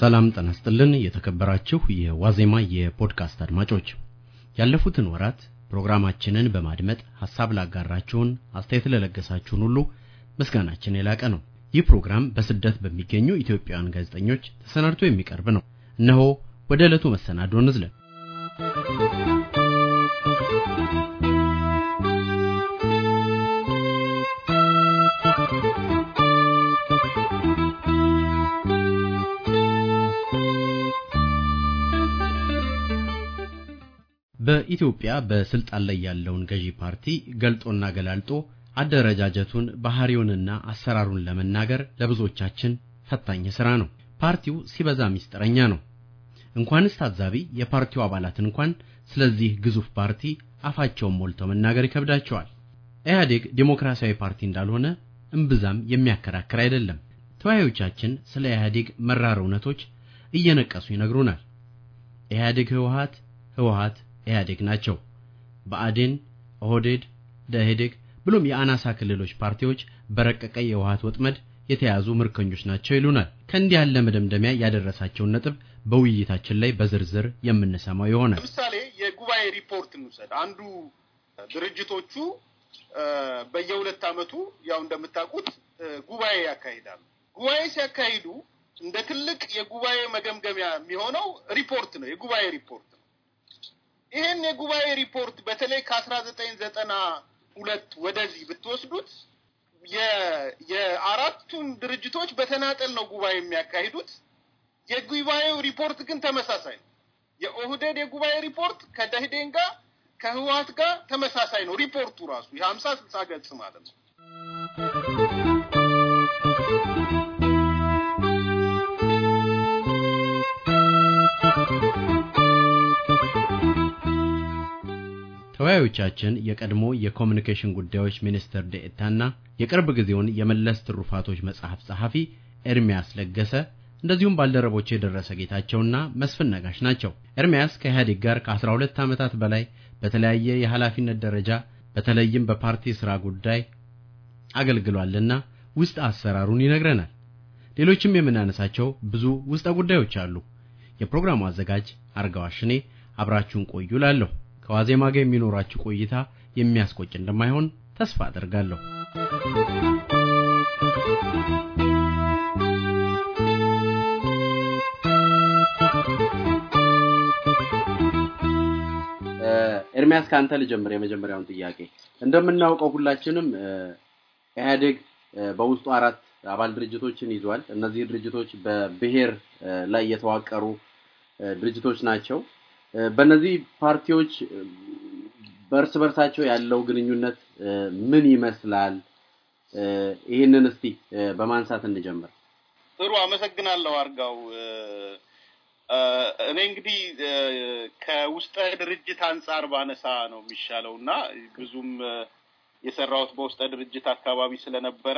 ሰላም ጠነስጥልን የተከበራችሁ የዋዜማ የፖድካስት አድማጮች ያለፉትን ወራት ፕሮግራማችንን በማድመጥ ሐሳብ ላጋራችሁን፣ አስተያየት ለለገሳችሁን ሁሉ ምስጋናችን የላቀ ነው። ይህ ፕሮግራም በስደት በሚገኙ ኢትዮጵያውያን ጋዜጠኞች ተሰናድቶ የሚቀርብ ነው። እነሆ ወደ ዕለቱ መሰናዶ እንዝለን። በኢትዮጵያ በስልጣን ላይ ያለውን ገዢ ፓርቲ ገልጦና ገላልጦ አደረጃጀቱን ባህሪውንና አሰራሩን ለመናገር ለብዙዎቻችን ፈታኝ ስራ ነው። ፓርቲው ሲበዛ ምስጢረኛ ነው። እንኳንስ ታዛቢ የፓርቲው አባላት እንኳን ስለዚህ ግዙፍ ፓርቲ አፋቸውን ሞልተው መናገር ይከብዳቸዋል። ኢህአዴግ ዴሞክራሲያዊ ፓርቲ እንዳልሆነ እምብዛም የሚያከራክር አይደለም። ተወያዮቻችን ስለ ኢህአዴግ መራር እውነቶች እየነቀሱ ይነግሩናል። ኢህአዴግ ህወሓት፣ ህወሓት ኢህአዴግ ናቸው። በአዴን፣ ኦህዴድ፣ ደኢህዴግ ብሎም የአናሳ ክልሎች ፓርቲዎች በረቀቀ የውሃት ወጥመድ የተያዙ ምርኮኞች ናቸው ይሉናል። ከእንዲህ ያለ መደምደሚያ ያደረሳቸውን ነጥብ በውይይታችን ላይ በዝርዝር የምንሰማው ይሆናል። ለምሳሌ የጉባኤ ሪፖርት እንውሰድ። አንዱ ድርጅቶቹ በየሁለት ዓመቱ ያው እንደምታውቁት ጉባኤ ያካሂዳሉ። ጉባኤ ሲያካሂዱ እንደ ትልቅ የጉባኤ መገምገሚያ የሚሆነው ሪፖርት ነው፣ የጉባኤ ሪፖርት ነው። ይህን የጉባኤ ሪፖርት በተለይ ከአስራ ዘጠኝ ዘጠና ሁለት ወደዚህ ብትወስዱት የአራቱም ድርጅቶች በተናጠል ነው ጉባኤ የሚያካሂዱት። የጉባኤው ሪፖርት ግን ተመሳሳይ ነው። የኦህደድ የጉባኤ ሪፖርት ከደህዴን ጋር ከህወሀት ጋር ተመሳሳይ ነው። ሪፖርቱ ራሱ የሀምሳ ስልሳ ገጽ ማለት ነው። ተወያዮቻችን የቀድሞ የኮሚኒኬሽን ጉዳዮች ሚኒስትር ደኤታና የቅርብ ጊዜውን የመለስ ትሩፋቶች መጽሐፍ ጸሐፊ ኤርሚያስ ለገሰ እንደዚሁም ባልደረቦች የደረሰ ጌታቸውና መስፍን ነጋሽ ናቸው። ኤርሚያስ ከኢህአዴግ ጋር ከ12 ዓመታት በላይ በተለያየ የኃላፊነት ደረጃ በተለይም በፓርቲ ሥራ ጉዳይ አገልግሏልና ውስጥ አሰራሩን ይነግረናል። ሌሎችም የምናነሳቸው ብዙ ውስጠ ጉዳዮች አሉ። የፕሮግራሙ አዘጋጅ አርጋዋሽኔ አብራችሁን ቆዩ ላለሁ ከዋዜማ ጋር የሚኖራችሁ ቆይታ የሚያስቆጭ እንደማይሆን ተስፋ አደርጋለሁ። ኤርሚያስ ከአንተ ልጀምር። የመጀመሪያውን ጥያቄ እንደምናውቀው ሁላችንም ኢህአዴግ በውስጡ አራት አባል ድርጅቶችን ይዟል። እነዚህ ድርጅቶች በብሔር ላይ የተዋቀሩ ድርጅቶች ናቸው። በእነዚህ ፓርቲዎች በእርስ በርሳቸው ያለው ግንኙነት ምን ይመስላል? ይህንን እስቲ በማንሳት እንጀምር። ጥሩ አመሰግናለሁ አርጋው። እኔ እንግዲህ ከውስጠ ድርጅት አንጻር ባነሳ ነው የሚሻለው እና ብዙም የሰራሁት በውስጠ ድርጅት አካባቢ ስለነበረ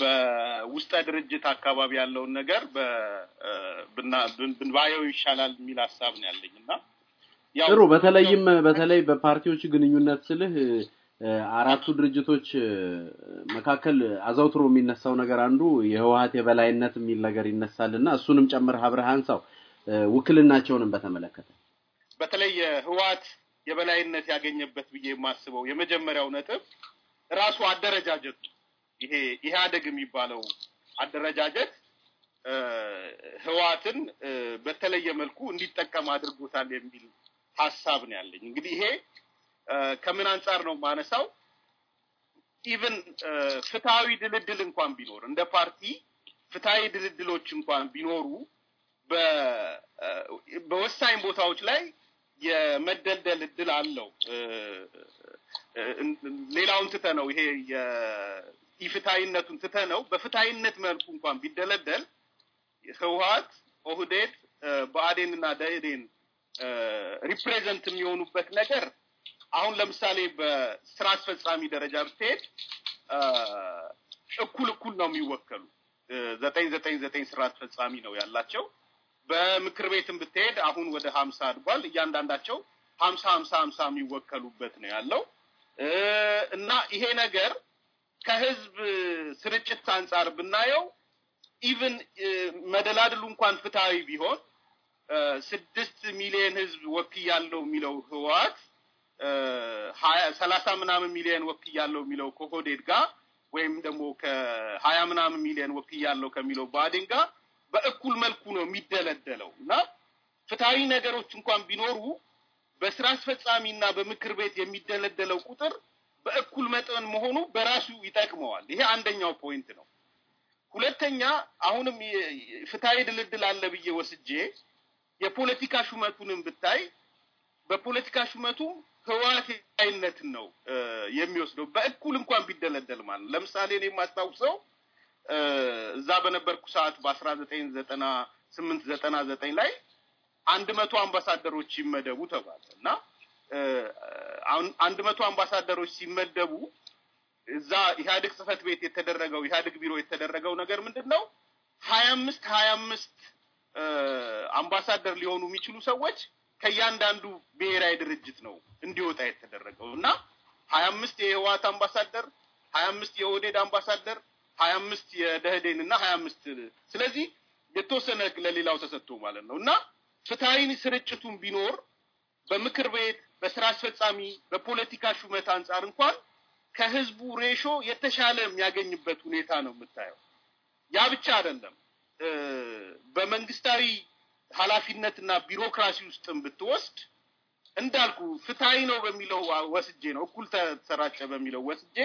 በውስጠ ድርጅት አካባቢ ያለውን ነገር ብንባየው ይሻላል የሚል ሀሳብ ነው ያለኝ እና ጥሩ በተለይም በተለይ በፓርቲዎች ግንኙነት ስልህ አራቱ ድርጅቶች መካከል አዘውትሮ የሚነሳው ነገር አንዱ የህወሀት የበላይነት የሚል ነገር ይነሳል እና እሱንም ጨምር ሀብረህ አንሳው ውክልናቸውንም በተመለከተ በተለይ የህወሀት የበላይነት ያገኘበት ብዬ የማስበው የመጀመሪያው ነጥብ ራሱ አደረጃጀት ነው ይሄ ኢህአደግ የሚባለው አደረጃጀት ህዋትን በተለየ መልኩ እንዲጠቀም አድርጎታል የሚል ሀሳብ ነው ያለኝ። እንግዲህ ይሄ ከምን አንጻር ነው የማነሳው? ኢቨን ፍትሐዊ ድልድል እንኳን ቢኖር እንደ ፓርቲ ፍትሐዊ ድልድሎች እንኳን ቢኖሩ በወሳኝ ቦታዎች ላይ የመደልደል እድል አለው። ሌላውን ትተ ነው ይሄ ኢፍታዊነቱን ትተ ነው በፍታዊነት መልኩ እንኳን ቢደለደል ህወሀት፣ ኦህዴድ፣ በአዴን እና ደኢህዴን ሪፕሬዘንት የሚሆኑበት ነገር አሁን ለምሳሌ በስራ አስፈጻሚ ደረጃ ብትሄድ እኩል እኩል ነው የሚወከሉ ዘጠኝ ዘጠኝ ዘጠኝ ስራ አስፈጻሚ ነው ያላቸው። በምክር ቤትም ብትሄድ አሁን ወደ ሀምሳ አድጓል። እያንዳንዳቸው ሀምሳ ሀምሳ ሀምሳ የሚወከሉበት ነው ያለው እና ይሄ ነገር ከህዝብ ስርጭት አንጻር ብናየው ኢቭን መደላድሉ እንኳን ፍትሐዊ ቢሆን ስድስት ሚሊዮን ህዝብ ያለው የሚለው ህወሓት ሰላሳ ምናምን ሚሊዮን ያለው የሚለው ከሆዴድ ጋር ወይም ደግሞ ከሀያ ምናምን ሚሊዮን ያለው ከሚለው ባዴን ጋር በእኩል መልኩ ነው የሚደለደለው እና ፍትሐዊ ነገሮች እንኳን ቢኖሩ በስራ አስፈጻሚ እና በምክር ቤት የሚደለደለው ቁጥር በእኩል መጠን መሆኑ በራሱ ይጠቅመዋል። ይሄ አንደኛው ፖይንት ነው። ሁለተኛ አሁንም ፍትሐዊ ድልድል አለ ብዬ ወስጄ የፖለቲካ ሹመቱንም ብታይ በፖለቲካ ሹመቱ ህወሓት አይነትን ነው የሚወስደው በእኩል እንኳን ቢደለደል ማለት ለምሳሌ እኔ የማስታውሰው እዛ በነበርኩ ሰዓት በአስራ ዘጠኝ ዘጠና ስምንት ዘጠና ዘጠኝ ላይ አንድ መቶ አምባሳደሮች ይመደቡ ተባለ እና አንድ መቶ አምባሳደሮች ሲመደቡ እዛ ኢህአዴግ ጽህፈት ቤት የተደረገው ኢህአዴግ ቢሮ የተደረገው ነገር ምንድን ነው? ሀያ አምስት ሀያ አምስት አምባሳደር ሊሆኑ የሚችሉ ሰዎች ከእያንዳንዱ ብሔራዊ ድርጅት ነው እንዲወጣ የተደረገው እና ሀያ አምስት የህወሓት አምባሳደር ሀያ አምስት የኦህዴድ አምባሳደር ሀያ አምስት የደህዴን እና ሀያ አምስት ስለዚህ የተወሰነ ለሌላው ተሰጥቶ ማለት ነው እና ፍትሐዊ ስርጭቱን ቢኖር በምክር ቤት በስራ አስፈጻሚ በፖለቲካ ሹመት አንጻር እንኳን ከህዝቡ ሬሾ የተሻለ የሚያገኝበት ሁኔታ ነው የምታየው። ያ ብቻ አይደለም። በመንግስታዊ ኃላፊነትና ቢሮክራሲ ውስጥም ብትወስድ እንዳልኩ ፍትሐዊ ነው በሚለው ወስጄ ነው እኩል ተሰራጨ በሚለው ወስጄ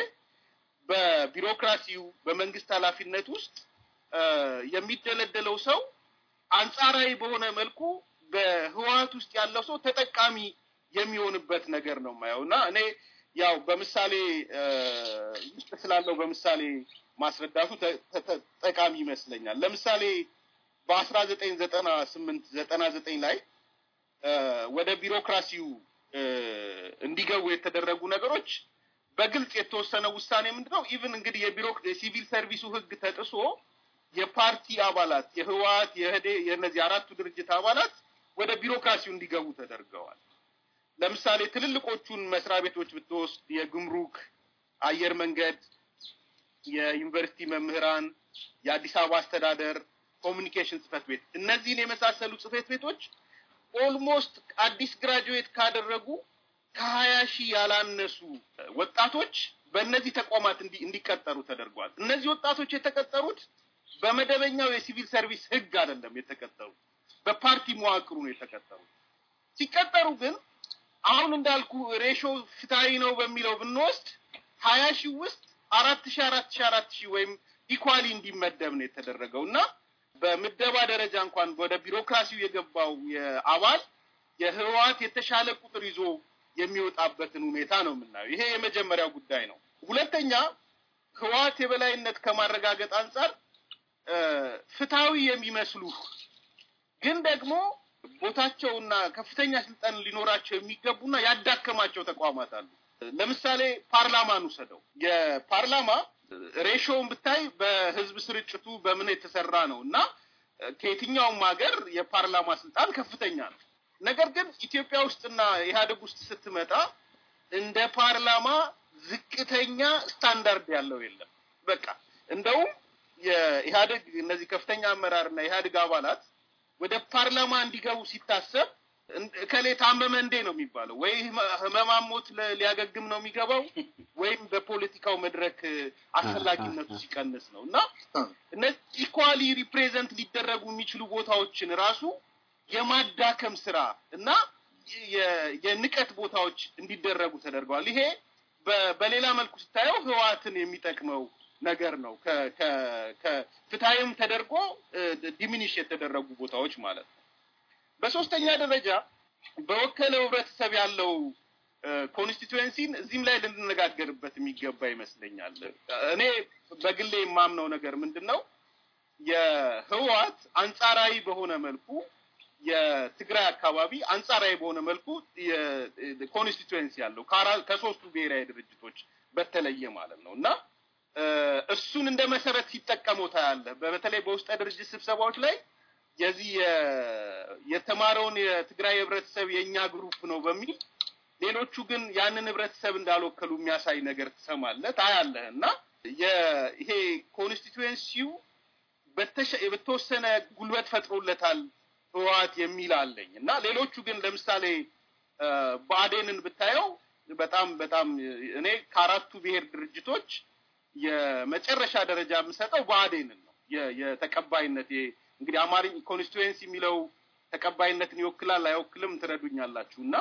በቢሮክራሲው በመንግስት ኃላፊነት ውስጥ የሚደለደለው ሰው አንጻራዊ በሆነ መልኩ በህወሀት ውስጥ ያለው ሰው ተጠቃሚ የሚሆንበት ነገር ነው የማየው እና እኔ ያው በምሳሌ ውስጥ ስላለው በምሳሌ ማስረዳቱ ጠቃሚ ይመስለኛል። ለምሳሌ በአስራ ዘጠኝ ዘጠና ስምንት ዘጠና ዘጠኝ ላይ ወደ ቢሮክራሲው እንዲገቡ የተደረጉ ነገሮች በግልጽ የተወሰነ ውሳኔ ምንድን ነው ኢቭን እንግዲህ የሲቪል ሰርቪሱ ህግ ተጥሶ የፓርቲ አባላት የህወሓት የህዴ የእነዚህ አራቱ ድርጅት አባላት ወደ ቢሮክራሲው እንዲገቡ ተደርገዋል። ለምሳሌ ትልልቆቹን መስሪያ ቤቶች ብትወስድ የጉምሩክ፣ አየር መንገድ፣ የዩኒቨርሲቲ መምህራን፣ የአዲስ አበባ አስተዳደር፣ ኮሚኒኬሽን ጽፈት ቤት እነዚህን የመሳሰሉ ጽፈት ቤቶች ኦልሞስት አዲስ ግራጁዌት ካደረጉ ከሀያ ሺህ ያላነሱ ወጣቶች በእነዚህ ተቋማት እንዲቀጠሩ ተደርጓል። እነዚህ ወጣቶች የተቀጠሩት በመደበኛው የሲቪል ሰርቪስ ህግ አይደለም የተቀጠሩት፣ በፓርቲ መዋቅሩ ነው የተቀጠሩት። ሲቀጠሩ ግን አሁን እንዳልኩ ሬሾ ፍትሐዊ ነው በሚለው ብንወስድ ሀያ ሺህ ውስጥ አራት ሺህ አራት ሺህ አራት ሺህ ወይም ኢኳሊ እንዲመደብ ነው የተደረገው እና በምደባ ደረጃ እንኳን ወደ ቢሮክራሲው የገባው የአባል የህወሓት የተሻለ ቁጥር ይዞ የሚወጣበትን ሁኔታ ነው የምናየው። ይሄ የመጀመሪያው ጉዳይ ነው። ሁለተኛ ህወሓት የበላይነት ከማረጋገጥ አንጻር ፍታዊ የሚመስሉ ግን ደግሞ ቦታቸውና ከፍተኛ ስልጣን ሊኖራቸው የሚገቡና ያዳከማቸው ተቋማት አሉ። ለምሳሌ ፓርላማን ውሰደው። የፓርላማ ሬሾውን ብታይ በህዝብ ስርጭቱ በምን የተሰራ ነው እና ከየትኛውም ሀገር የፓርላማ ስልጣን ከፍተኛ ነው። ነገር ግን ኢትዮጵያ ውስጥና ኢህአደግ ውስጥ ስትመጣ እንደ ፓርላማ ዝቅተኛ ስታንዳርድ ያለው የለም። በቃ እንደውም የኢህአደግ እነዚህ ከፍተኛ አመራርና ኢህአደግ አባላት ወደ ፓርላማ እንዲገቡ ሲታሰብ ከሌ ታመመ እንዴ ነው የሚባለው። ወይ ህመማሞት ሊያገግም ነው የሚገባው ወይም በፖለቲካው መድረክ አስፈላጊነቱ ሲቀንስ ነው እና እነዚህ ኢኳሊ ሪፕሬዘንት ሊደረጉ የሚችሉ ቦታዎችን ራሱ የማዳከም ስራ እና የንቀት ቦታዎች እንዲደረጉ ተደርገዋል። ይሄ በሌላ መልኩ ስታየው ህወሓትን የሚጠቅመው ነገር ነው። ፍትሐዊም ተደርጎ ዲሚኒሽ የተደረጉ ቦታዎች ማለት ነው። በሶስተኛ ደረጃ በወከለው ህብረተሰብ ያለው ኮንስቲትዌንሲን እዚህም ላይ ልንነጋገርበት የሚገባ ይመስለኛል። እኔ በግሌ የማምነው ነገር ምንድን ነው የህወሓት አንጻራዊ በሆነ መልኩ የትግራይ አካባቢ አንጻራዊ በሆነ መልኩ ኮንስቲትዌንሲ ያለው ከሶስቱ ብሔራዊ ድርጅቶች በተለየ ማለት ነው እና እሱን እንደ መሰረት ሲጠቀሙ ታያለህ። በተለይ በውስጠ ድርጅት ስብሰባዎች ላይ የዚህ የተማረውን የትግራይ ህብረተሰብ የእኛ ግሩፕ ነው በሚል ሌሎቹ ግን ያንን ህብረተሰብ እንዳልወከሉ የሚያሳይ ነገር ትሰማለህ ታያለህ። እና ይሄ ኮንስቲትዌንሲው በተወሰነ ጉልበት ፈጥሮለታል ህወሓት የሚል አለኝ እና ሌሎቹ ግን ለምሳሌ ብአዴንን ብታየው በጣም በጣም እኔ ከአራቱ ብሔር ድርጅቶች የመጨረሻ ደረጃ የምሰጠው ብአዴንን ነው። የተቀባይነት እንግዲህ አማሪ ኮንስቲቱንሲ የሚለው ተቀባይነትን ይወክላል አይወክልም ትረዱኛላችሁ። እና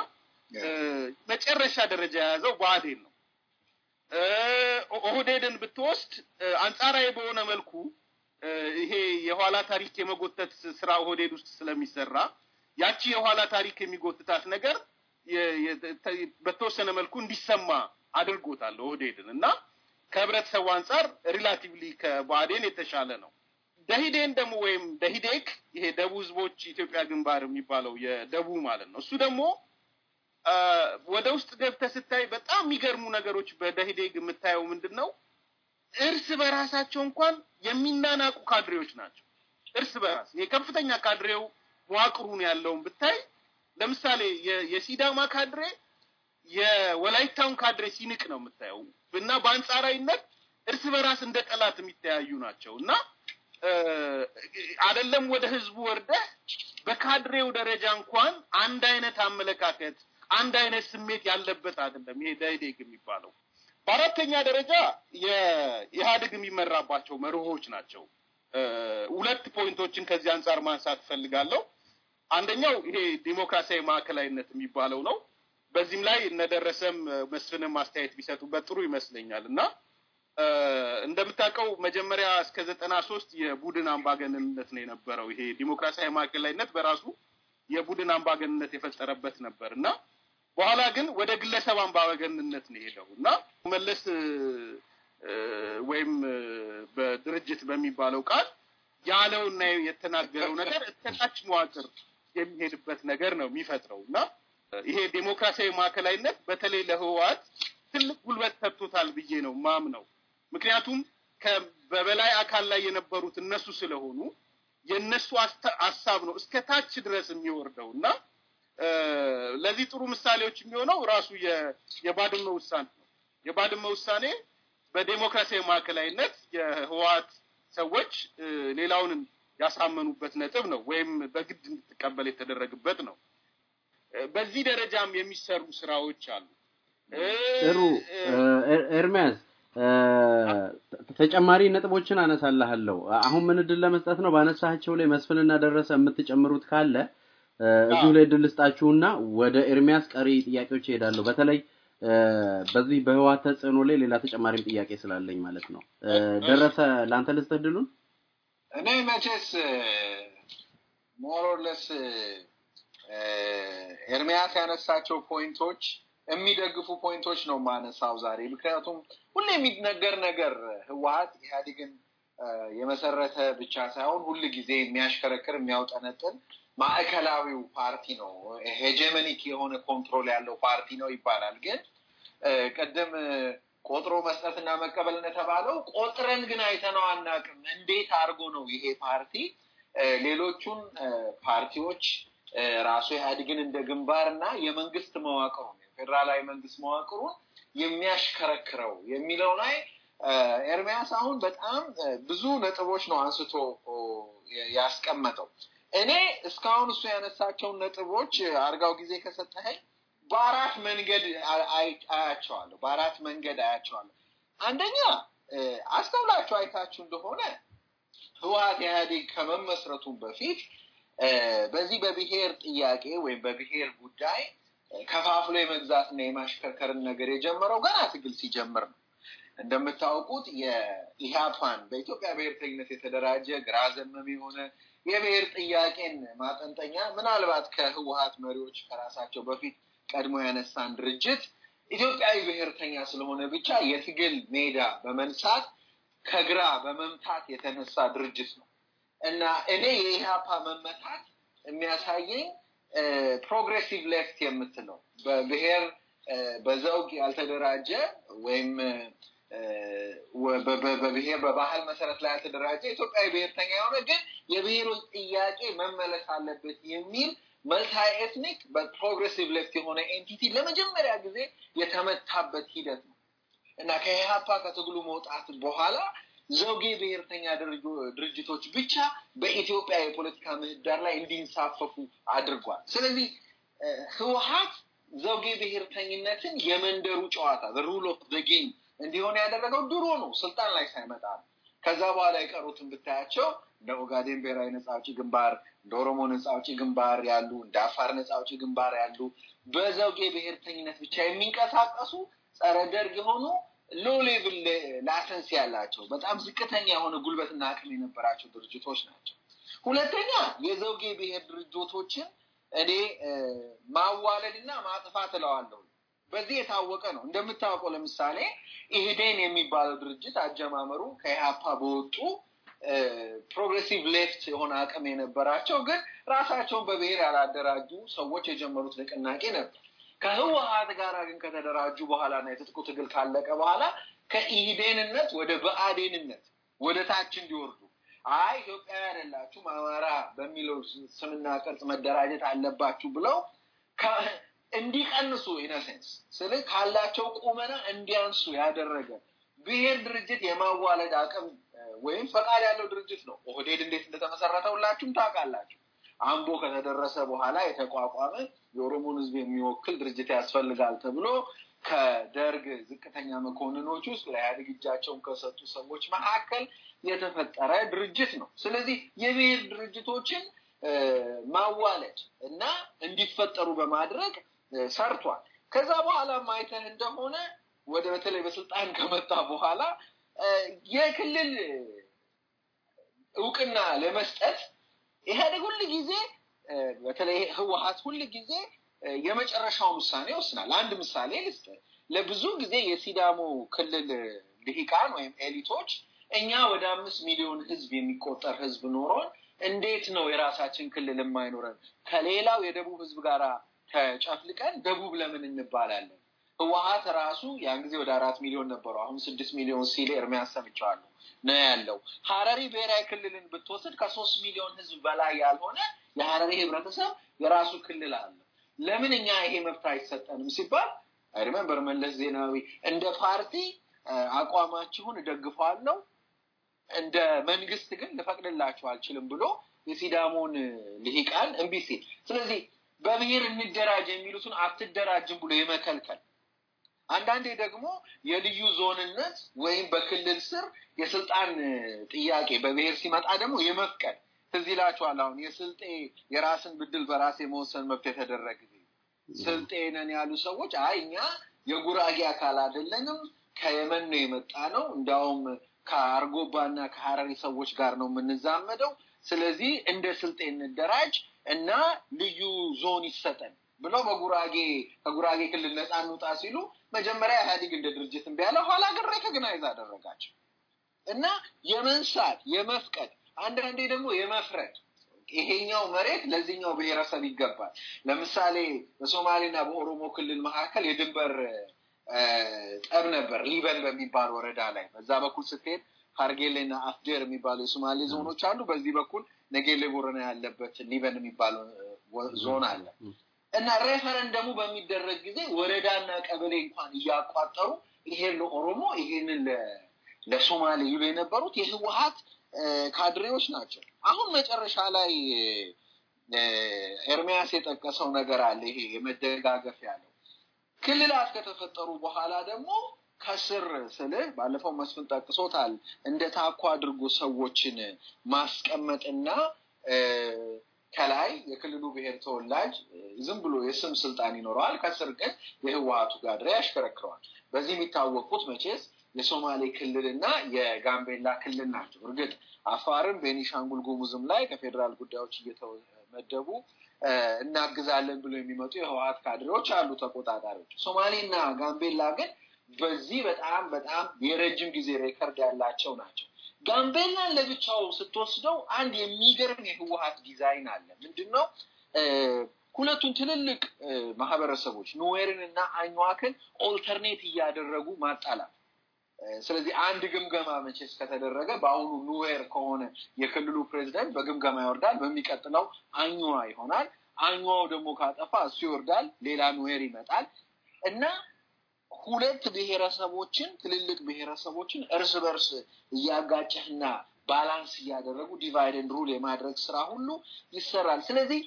መጨረሻ ደረጃ የያዘው ብአዴን ነው። ኦህዴድን ብትወስድ አንጻራዊ በሆነ መልኩ ይሄ የኋላ ታሪክ የመጎተት ስራ ኦህዴድ ውስጥ ስለሚሰራ ያቺ የኋላ ታሪክ የሚጎትታት ነገር በተወሰነ መልኩ እንዲሰማ አድርጎታል ኦህዴድን እና ከህብረተሰቡ አንጻር ሪላቲቭሊ ከባዴን የተሻለ ነው። ደሂዴን ደግሞ ወይም ደሂዴክ ይሄ ደቡብ ህዝቦች ኢትዮጵያ ግንባር የሚባለው የደቡብ ማለት ነው። እሱ ደግሞ ወደ ውስጥ ገብተህ ስታይ በጣም የሚገርሙ ነገሮች በደሂዴግ የምታየው ምንድን ነው? እርስ በራሳቸው እንኳን የሚናናቁ ካድሬዎች ናቸው። እርስ በራስ ከፍተኛ ካድሬው መዋቅሩን ያለውን ብታይ ለምሳሌ የሲዳማ ካድሬ የወላይታውን ካድሬ ሲንቅ ነው የምታየው እና በአንጻራዊነት እርስ በራስ እንደ ጠላት የሚተያዩ ናቸው እና አይደለም ወደ ህዝቡ ወርደ በካድሬው ደረጃ እንኳን አንድ አይነት አመለካከት አንድ አይነት ስሜት ያለበት አይደለም። ይሄ ዳይዴግ የሚባለው በአራተኛ ደረጃ የኢህአዴግ የሚመራባቸው መርሆች ናቸው። ሁለት ፖይንቶችን ከዚህ አንጻር ማንሳት ፈልጋለሁ። አንደኛው ይሄ ዲሞክራሲያዊ ማዕከላዊነት የሚባለው ነው። በዚህም ላይ እነደረሰም መስፍንም አስተያየት ቢሰጡበት ጥሩ ይመስለኛል እና እንደምታውቀው መጀመሪያ እስከ ዘጠና ሶስት የቡድን አምባገንነት ነው የነበረው። ይሄ ዲሞክራሲያዊ ማዕከላዊነት በራሱ የቡድን አምባገንነት የፈጠረበት ነበር እና በኋላ ግን ወደ ግለሰብ አምባገንነት ነው የሄደው እና መለስ ወይም በድርጅት በሚባለው ቃል ያለውና የተናገረው ነገር እስከታች መዋቅር የሚሄድበት ነገር ነው የሚፈጥረው እና ይሄ ዴሞክራሲያዊ ማዕከላዊነት በተለይ ለህወሓት ትልቅ ጉልበት ሰጥቶታል ብዬ ነው ማም ነው። ምክንያቱም በበላይ አካል ላይ የነበሩት እነሱ ስለሆኑ የእነሱ ሀሳብ ነው እስከ ታች ድረስ የሚወርደው እና ለዚህ ጥሩ ምሳሌዎች የሚሆነው ራሱ የባድመ ውሳኔ ነው። የባድመ ውሳኔ በዴሞክራሲያዊ ማዕከላዊነት የህወሓት ሰዎች ሌላውንን ያሳመኑበት ነጥብ ነው፣ ወይም በግድ እንድትቀበል የተደረግበት ነው። በዚህ ደረጃም የሚሰሩ ስራዎች አሉ። ጥሩ ኤርሚያስ፣ ተጨማሪ ነጥቦችን አነሳልሃለሁ። አሁን ምን እድል ለመስጠት ነው? ባነሳቸው ላይ መስፍንና ደረሰ የምትጨምሩት ካለ እዚሁ ላይ እድል ልስጣችሁና ወደ ኤርሚያስ ቀሪ ጥያቄዎች ይሄዳለሁ። በተለይ በዚህ በህወሓት ተጽዕኖ ላይ ሌላ ተጨማሪም ጥያቄ ስላለኝ ማለት ነው። ደረሰ ለአንተ ልስጥ እድሉን። እኔ መቼስ ሞሮለስ ኤርሚያስ ያነሳቸው ፖይንቶች የሚደግፉ ፖይንቶች ነው ማነሳው ዛሬ። ምክንያቱም ሁሌ የሚነገር ነገር ህወሀት ኢህአዴግን የመሰረተ ብቻ ሳይሆን ሁል ጊዜ የሚያሽከረክር የሚያውጠነጥን ማዕከላዊው ፓርቲ ነው፣ ሄጀመኒክ የሆነ ኮንትሮል ያለው ፓርቲ ነው ይባላል። ግን ቅድም ቆጥሮ መስጠትና መቀበል እንደተባለው ቆጥረን ግን አይተነው አናቅም እንዴት አድርጎ ነው ይሄ ፓርቲ ሌሎቹን ፓርቲዎች ራሱ ኢህአዴግን እንደ እና የመንግስት መዋቅሩ ፌዴራላዊ መንግስት መዋቅሩ የሚያሽከረክረው የሚለው ላይ ኤርሚያስ አሁን በጣም ብዙ ነጥቦች ነው አንስቶ ያስቀመጠው። እኔ እስካሁን እሱ ያነሳቸውን ነጥቦች አርጋው ጊዜ ከሰጠኸኝ በአራት መንገድ አያቸዋለሁ። በአራት መንገድ አያቸዋለሁ። አንደኛ አስተውላችሁ አይታችሁ እንደሆነ ህወሀት ኢህአዴግ ከመመስረቱም በፊት በዚህ በብሔር ጥያቄ ወይም በብሔር ጉዳይ ከፋፍሎ የመግዛትና የማሽከርከርን ነገር የጀመረው ገና ትግል ሲጀምር ነው። እንደምታውቁት የኢህአፓን በኢትዮጵያ ብሔርተኝነት የተደራጀ ግራ ዘመም የሆነ የብሔር ጥያቄን ማጠንጠኛ ምናልባት ከህወሀት መሪዎች ከራሳቸው በፊት ቀድሞ ያነሳን ድርጅት ኢትዮጵያዊ ብሔርተኛ ስለሆነ ብቻ የትግል ሜዳ በመንሳት ከግራ በመምታት የተነሳ ድርጅት ነው። እና እኔ የኢህአፓ መመታት የሚያሳየኝ ፕሮግሬሲቭ ሌፍት የምትለው በብሔር በዘውግ ያልተደራጀ ወይም በብሔር በባህል መሰረት ላይ ያልተደራጀ ኢትዮጵያዊ ብሔርተኛ የሆነ ግን ውስጥ ጥያቄ መመለስ አለበት የሚል መልታይ ኤትኒክ በፕሮግሬሲቭ ሌፍት የሆነ ኤንቲቲ ለመጀመሪያ ጊዜ የተመታበት ሂደት ነው እና ከኢህአፓ ከትግሉ መውጣት በኋላ ዘውጌ ብሔርተኛ ድርጅቶች ብቻ በኢትዮጵያ የፖለቲካ ምህዳር ላይ እንዲንሳፈፉ አድርጓል። ስለዚህ ህወሀት ዘውጌ ብሔርተኝነትን የመንደሩ ጨዋታ ሩል ኦፍ ዘ ጌም እንዲሆን ያደረገው ድሮ ነው፣ ስልጣን ላይ ሳይመጣ ከዛ በኋላ የቀሩትን ብታያቸው እንደ ኦጋዴን ብሔራዊ ነፃ አውጪ ግንባር፣ እንደ ኦሮሞ ነፃ አውጪ ግንባር ያሉ፣ እንደ አፋር ነፃ አውጪ ግንባር ያሉ በዘውጌ ብሔርተኝነት ብቻ የሚንቀሳቀሱ ጸረ ደርግ የሆኑ ሎ ሌቭል ላተንሲ ያላቸው በጣም ዝቅተኛ የሆነ ጉልበትና አቅም የነበራቸው ድርጅቶች ናቸው። ሁለተኛ የዘውጌ ብሔር ድርጅቶችን እኔ ማዋለድና ማጥፋት እለዋለሁ። በዚህ የታወቀ ነው። እንደምታውቀው ለምሳሌ ኢህዴን የሚባለው ድርጅት አጀማመሩ ከኢህአፓ በወጡ ፕሮግሬሲቭ ሌፍት የሆነ አቅም የነበራቸው ግን ራሳቸውን በብሔር ያላደራጁ ሰዎች የጀመሩት ንቅናቄ ነበር። ከህወሀት ጋር ግን ከተደራጁ ና የትጥቁ ትግል ካለቀ በኋላ ከኢህዴንነት ወደ በአዴንነት ወደ ታች እንዲወርዱ አይ ኢትዮጵያ ያደላችሁ አማራ በሚለው ስምና ቅርጽ መደራጀት አለባችሁ ብለው እንዲቀንሱ ኢነሴንስ ስል ካላቸው ቁመና እንዲያንሱ ያደረገ ብሔር ድርጅት የማዋለድ አቅም ወይም ፈቃድ ያለው ድርጅት ነው። ኦህዴድ እንዴት እንደተመሰረተ ሁላችሁም ታውቃላችሁ። አምቦ ከተደረሰ በኋላ የተቋቋመ የኦሮሞን ህዝብ የሚወክል ድርጅት ያስፈልጋል ተብሎ ከደርግ ዝቅተኛ መኮንኖች ውስጥ ለኢህአዴግ እጃቸውን ከሰጡ ሰዎች መካከል የተፈጠረ ድርጅት ነው። ስለዚህ የብሔር ድርጅቶችን ማዋለድ እና እንዲፈጠሩ በማድረግ ሰርቷል። ከዛ በኋላ ማይተህ እንደሆነ ወደ በተለይ በስልጣን ከመጣ በኋላ የክልል እውቅና ለመስጠት ኢህአዴግ ሁል ጊዜ በተለይ ህወሀት ሁል ጊዜ የመጨረሻውን ውሳኔ ይወስናል። አንድ ምሳሌ ልስጥ። ለብዙ ጊዜ የሲዳሞ ክልል ልሂቃን ወይም ኤሊቶች እኛ ወደ አምስት ሚሊዮን ህዝብ የሚቆጠር ህዝብ ኖሮን እንዴት ነው የራሳችን ክልል የማይኖረን? ከሌላው የደቡብ ህዝብ ጋር ተጨፍልቀን ደቡብ ለምን እንባላለን? ህወሀት ራሱ ያን ጊዜ ወደ አራት ሚሊዮን ነበረው። አሁን ስድስት ሚሊዮን ሲል ኤርሚያስ ሰምቼዋለሁ ነው ያለው። ሀረሪ ብሔራዊ ክልልን ብትወስድ ከሶስት ሚሊዮን ህዝብ በላይ ያልሆነ የሀረሪ ህብረተሰብ የራሱ ክልል አለ። ለምን እኛ ይሄ መብት አይሰጠንም ሲባል አይሪመንበር መለስ ዜናዊ እንደ ፓርቲ አቋማችሁን እደግፈዋለሁ እንደ መንግስት ግን ልፈቅድላችሁ አልችልም ብሎ የሲዳሞን ልሂቃን እምቢ ሲል፣ ስለዚህ በብሔር እንደራጅ የሚሉትን አትደራጅም ብሎ የመከልከል አንዳንዴ ደግሞ የልዩ ዞንነት ወይም በክልል ስር የስልጣን ጥያቄ በብሔር ሲመጣ ደግሞ የመፍቀድ ትዝ ይላችኋል። አሁን የስልጤ የራስን ብድል በራስ የመወሰን መብት የተደረገ ጊዜ ስልጤ ነን ያሉ ሰዎች አይ እኛ የጉራጌ አካል አይደለንም ከየመን ነው የመጣ ነው እንዲያውም ከአርጎባና ከሀረሪ ሰዎች ጋር ነው የምንዛመደው። ስለዚህ እንደ ስልጤ እንደራጅ እና ልዩ ዞን ይሰጠን ብሎ በጉራጌ ከጉራጌ ክልል ነፃ እንውጣ ሲሉ መጀመሪያ ኢህአዴግ እንደ ድርጅት እምቢ ያለ ኋላ ግን ሬኮግናይዝ አደረጋቸው እና የመንሳት የመፍቀድ አንዳንዴ ደግሞ የመፍረድ ይሄኛው መሬት ለዚህኛው ብሔረሰብ ይገባል። ለምሳሌ በሶማሌና በኦሮሞ ክልል መካከል የድንበር ጠብ ነበር፣ ሊበን በሚባል ወረዳ ላይ። በዛ በኩል ስትሄድ ሀርጌሌና አፍዴር የሚባሉ የሶማሌ ዞኖች አሉ። በዚህ በኩል ነጌሌ ቦረና ያለበት ሊበን የሚባል ዞን አለ። እና ሬፈረንደሙ በሚደረግ ጊዜ ወረዳና ቀበሌ እንኳን እያቋጠሩ ይሄን ለኦሮሞ ይሄንን ለሶማሌ ይሉ የነበሩት የህወሀት ካድሬዎች ናቸው። አሁን መጨረሻ ላይ ኤርሚያስ የጠቀሰው ነገር አለ። ይሄ የመደጋገፍ ያለው ክልላት ከተፈጠሩ በኋላ ደግሞ ከስር ስል ባለፈው መስፍን ጠቅሶታል። እንደ ታኮ አድርጎ ሰዎችን ማስቀመጥና ከላይ የክልሉ ብሔር ተወላጅ ዝም ብሎ የስም ስልጣን ይኖረዋል። ከስር ግን የህወሀቱ ጋድሬ ያሽከረክረዋል። በዚህ የሚታወቁት መቼስ የሶማሌ ክልል እና የጋምቤላ ክልል ናቸው። እርግጥ አፋርም ቤኒሻንጉል ጉሙዝም ላይ ከፌዴራል ጉዳዮች እየተመደቡ እናግዛለን ብሎ የሚመጡ የህወሀት ካድሬዎች አሉ ተቆጣጣሪዎች። ሶማሌና ጋምቤላ ግን በዚህ በጣም በጣም የረጅም ጊዜ ሬከርድ ያላቸው ናቸው። ጋምቤላን ለብቻው ስትወስደው አንድ የሚገርም የህወሀት ዲዛይን አለ። ምንድን ነው? ሁለቱን ትልልቅ ማህበረሰቦች ኖዌርን እና አኝዋክን ኦልተርኔት እያደረጉ ማጣላት። ስለዚህ አንድ ግምገማ መቼስ ከተደረገ በአሁኑ ኑዌር ከሆነ የክልሉ ፕሬዚደንት በግምገማ ይወርዳል፣ በሚቀጥለው አኝዋ ይሆናል። አኝዋው ደግሞ ካጠፋ እሱ ይወርዳል፣ ሌላ ኑዌር ይመጣል እና ሁለት ብሔረሰቦችን ትልልቅ ብሔረሰቦችን እርስ በርስ እያጋጨህና ባላንስ እያደረጉ ዲቫይደን ሩል የማድረግ ስራ ሁሉ ይሰራል። ስለዚህ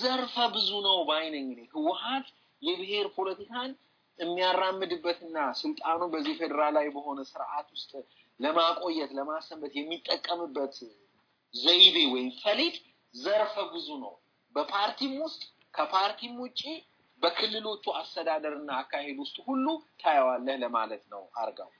ዘርፈ ብዙ ነው ባይነኝ እኔ ህወሀት የብሔር ፖለቲካን የሚያራምድበትና ስልጣኑ በዚህ ፌዴራላዊ በሆነ ስርዓት ውስጥ ለማቆየት ለማሰንበት የሚጠቀምበት ዘይቤ ወይም ፈሊጥ ዘርፈ ብዙ ነው። በፓርቲም ውስጥ ከፓርቲም ውጭ በክልሎቹ አስተዳደርና አካሄድ ውስጥ ሁሉ ታየዋለህ ለማለት ነው አርጋው።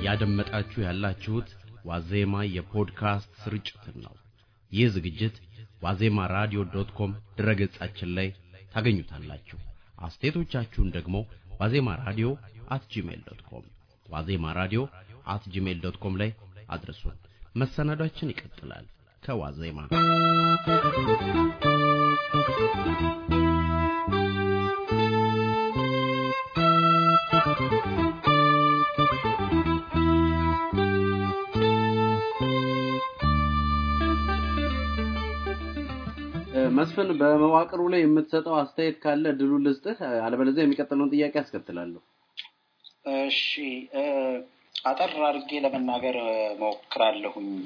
እያደመጣችሁ ያላችሁት ዋዜማ የፖድካስት ስርጭትን ነው። ይህ ዝግጅት ዋዜማ ራዲዮ ዶት ኮም ድረገጻችን ላይ ታገኙታላችሁ። አስተያየቶቻችሁን ደግሞ ዋዜማ ራዲዮ አት ጂሜል ዶት ኮም ዋዜማ ራዲዮ አት ጂሜል ዶት ኮም ላይ አድርሱን። መሰናዷችን ይቀጥላል። ከዋዜማ መስፍን በመዋቅሩ ላይ የምትሰጠው አስተያየት ካለ ድሉ ልስጥህ፣ አለበለዚያ የሚቀጥለውን ጥያቄ አስከትላለሁ። እሺ አጠር አድርጌ ለመናገር ሞክራለሁኝ።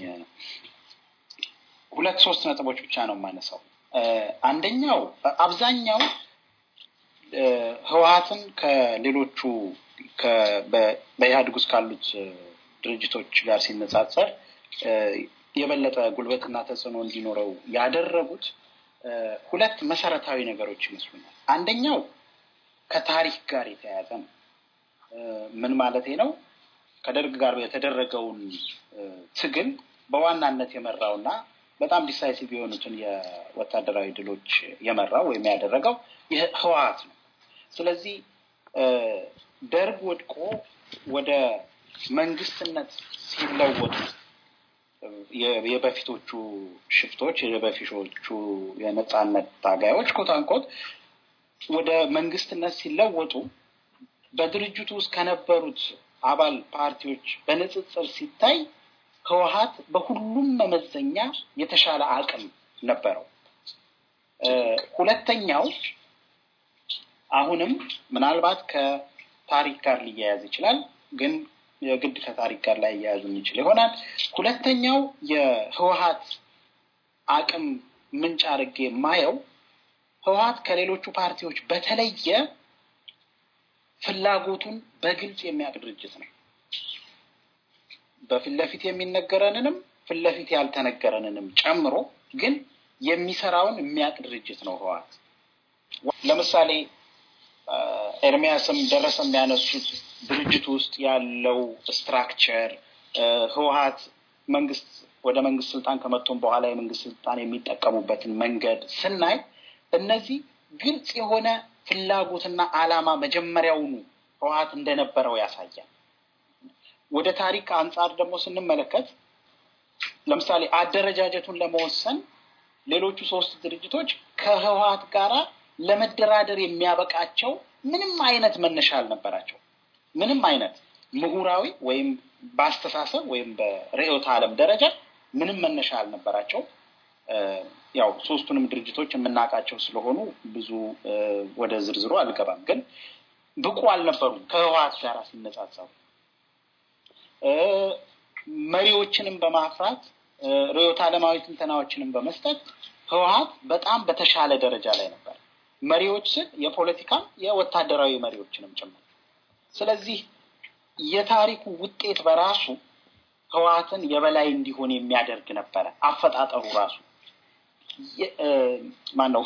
ሁለት ሶስት ነጥቦች ብቻ ነው የማነሳው። አንደኛው አብዛኛው ህወሀትን ከሌሎቹ በኢህአዴግ ውስጥ ካሉት ድርጅቶች ጋር ሲነጻጸር የበለጠ ጉልበትና ተጽዕኖ እንዲኖረው ያደረጉት ሁለት መሰረታዊ ነገሮች ይመስሉኛል። አንደኛው ከታሪክ ጋር የተያያዘ ነው። ምን ማለት ነው? ከደርግ ጋር የተደረገውን ትግል በዋናነት የመራውና በጣም ዲሳይሲቭ የሆኑትን የወታደራዊ ድሎች የመራው ወይም ያደረገው ህወሀት ነው። ስለዚህ ደርግ ወድቆ ወደ መንግስትነት ሲለወጡ የበፊቶቹ ሽፍቶች የበፊቶቹ የነፃነት ታጋዮች ኮታንኮት ወደ መንግስትነት ሲለወጡ በድርጅቱ ውስጥ ከነበሩት አባል ፓርቲዎች በንጽጽር ሲታይ ህወሀት በሁሉም መመዘኛ የተሻለ አቅም ነበረው። ሁለተኛው አሁንም ምናልባት ከታሪክ ጋር ሊያያዝ ይችላል፣ ግን የግድ ከታሪክ ጋር ላይ እያያዙ የሚችል ይሆናል። ሁለተኛው የህወሀት አቅም ምንጭ አድርጌ የማየው ህወሀት ከሌሎቹ ፓርቲዎች በተለየ ፍላጎቱን በግልጽ የሚያቅ ድርጅት ነው። በፊትለፊት የሚነገረንንም ፊት ለፊት ያልተነገረንንም ጨምሮ ግን የሚሰራውን የሚያቅ ድርጅት ነው ህወሀት ለምሳሌ Uh, ኤርሚያስም ደረሰ የሚያነሱት ድርጅት ውስጥ ያለው ስትራክቸር uh, ህወሀት መንግስት ወደ መንግስት ስልጣን ከመቶም በኋላ የመንግስት ስልጣን የሚጠቀሙበትን መንገድ ስናይ እነዚህ ግልጽ የሆነ ፍላጎትና አላማ መጀመሪያውኑ ህወሀት እንደነበረው ያሳያል። ወደ ታሪክ አንጻር ደግሞ ስንመለከት ለምሳሌ አደረጃጀቱን ለመወሰን ሌሎቹ ሶስት ድርጅቶች ከህወሀት ጋራ ለመደራደር የሚያበቃቸው ምንም አይነት መነሻ አልነበራቸው። ምንም አይነት ምሁራዊ ወይም በአስተሳሰብ ወይም በርዕዮተ ዓለም ደረጃ ምንም መነሻ አልነበራቸው። ያው ሶስቱንም ድርጅቶች የምናውቃቸው ስለሆኑ ብዙ ወደ ዝርዝሩ አልገባም። ግን ብቁ አልነበሩም ከህወሀት ጋር ሲነጻጸሩ መሪዎችንም በማፍራት ርዕዮተ ዓለማዊ ትንተናዎችንም በመስጠት ህወሀት በጣም በተሻለ ደረጃ ላይ ነበር። መሪዎች ስል የፖለቲካን የወታደራዊ መሪዎችንም ጭምር። ስለዚህ የታሪኩ ውጤት በራሱ ህወሓትን የበላይ እንዲሆን የሚያደርግ ነበረ። አፈጣጠሩ ራሱ ማን ነው?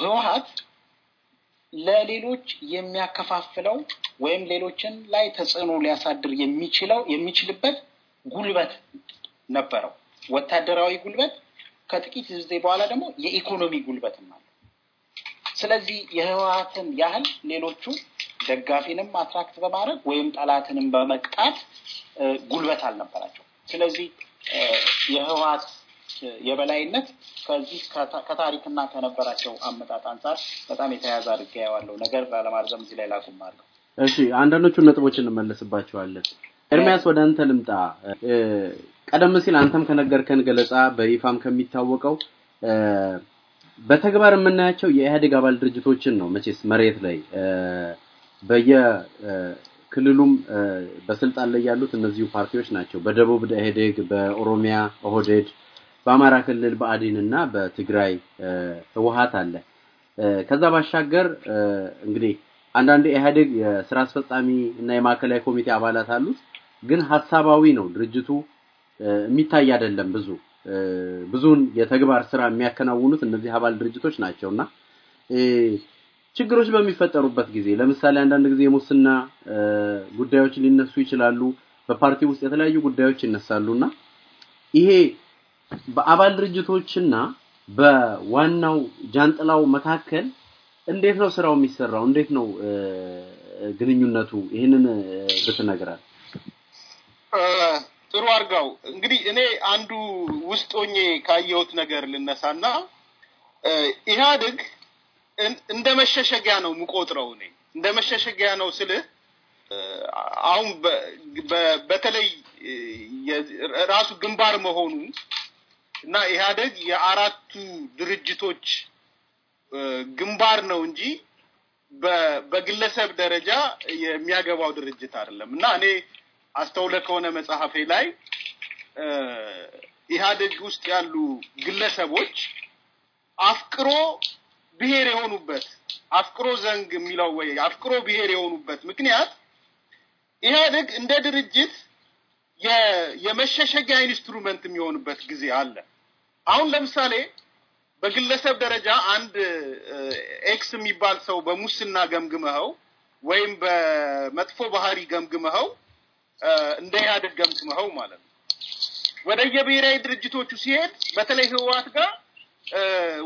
ለሌሎች የሚያከፋፍለው ወይም ሌሎችን ላይ ተጽዕኖ ሊያሳድር የሚችለው የሚችልበት ጉልበት ነበረው፣ ወታደራዊ ጉልበት ከጥቂት ጊዜ በኋላ ደግሞ የኢኮኖሚ ጉልበትም አለ። ስለዚህ የህወሀትን ያህል ሌሎቹ ደጋፊንም አትራክት በማድረግ ወይም ጠላትንም በመቅጣት ጉልበት አልነበራቸው። ስለዚህ የህወሀት የበላይነት ከዚህ ከታሪክና ከነበራቸው አመጣጥ አንጻር በጣም የተያዘ አድርጌ ያዋለው ነገር ላለማርዘም እዚህ ላይ ላቁም አለው። እሺ አንዳንዶቹ ነጥቦች እንመለስባቸዋለን። ኤርሚያስ ወደ አንተ ልምጣ። ቀደም ሲል አንተም ከነገርከን ገለጻ በይፋም ከሚታወቀው በተግባር የምናያቸው የኢህአዴግ አባል ድርጅቶችን ነው። መቼስ መሬት ላይ በየክልሉም በስልጣን ላይ ያሉት እነዚሁ ፓርቲዎች ናቸው። በደቡብ ኢህአዴግ፣ በኦሮሚያ ኦህዴድ፣ በአማራ ክልል በአዲን እና በትግራይ ህወሀት አለ። ከዛ ባሻገር እንግዲህ አንዳንድ ኢህአዴግ የስራ አስፈጻሚ እና የማዕከላዊ ኮሚቴ አባላት አሉት። ግን ሀሳባዊ ነው ድርጅቱ የሚታይ አይደለም ብዙ ብዙውን የተግባር ስራ የሚያከናውኑት እነዚህ አባል ድርጅቶች ናቸውና ችግሮች በሚፈጠሩበት ጊዜ ለምሳሌ አንዳንድ ጊዜ የሙስና ጉዳዮች ሊነሱ ይችላሉ። በፓርቲ ውስጥ የተለያዩ ጉዳዮች ይነሳሉና ይሄ በአባል ድርጅቶችና በዋናው ጃንጥላው መካከል እንዴት ነው ስራው የሚሰራው? እንዴት ነው ግንኙነቱ? ይህንን ብትነግራል። ጥሩ አርጋው እንግዲህ እኔ አንዱ ውስጥ ሆኜ ካየሁት ነገር ልነሳና ኢህአዴግ እንደ መሸሸጊያ ነው የምቆጥረው። እኔ እንደ መሸሸጊያ ነው ስልህ አሁን በተለይ ራሱ ግንባር መሆኑ እና ኢህአዴግ የአራቱ ድርጅቶች ግንባር ነው እንጂ በግለሰብ ደረጃ የሚያገባው ድርጅት አይደለም እና እኔ አስተውለ ከሆነ መጽሐፌ ላይ ኢህአዴግ ውስጥ ያሉ ግለሰቦች አፍቅሮ ብሔር የሆኑበት አፍቅሮ ዘንግ የሚለው ወይ አፍቅሮ ብሔር የሆኑበት ምክንያት ኢህአዴግ እንደ ድርጅት የመሸሸጊያ ኢንስትሩመንት የሚሆንበት ጊዜ አለ። አሁን ለምሳሌ በግለሰብ ደረጃ አንድ ኤክስ የሚባል ሰው በሙስና ገምግመኸው ወይም በመጥፎ ባህሪ ገምግመኸው እንደ ኢህአዴግ ገምግመኸው ማለት ነው። ወደ የብሔራዊ ድርጅቶቹ ሲሄድ በተለይ ህወሓት ጋር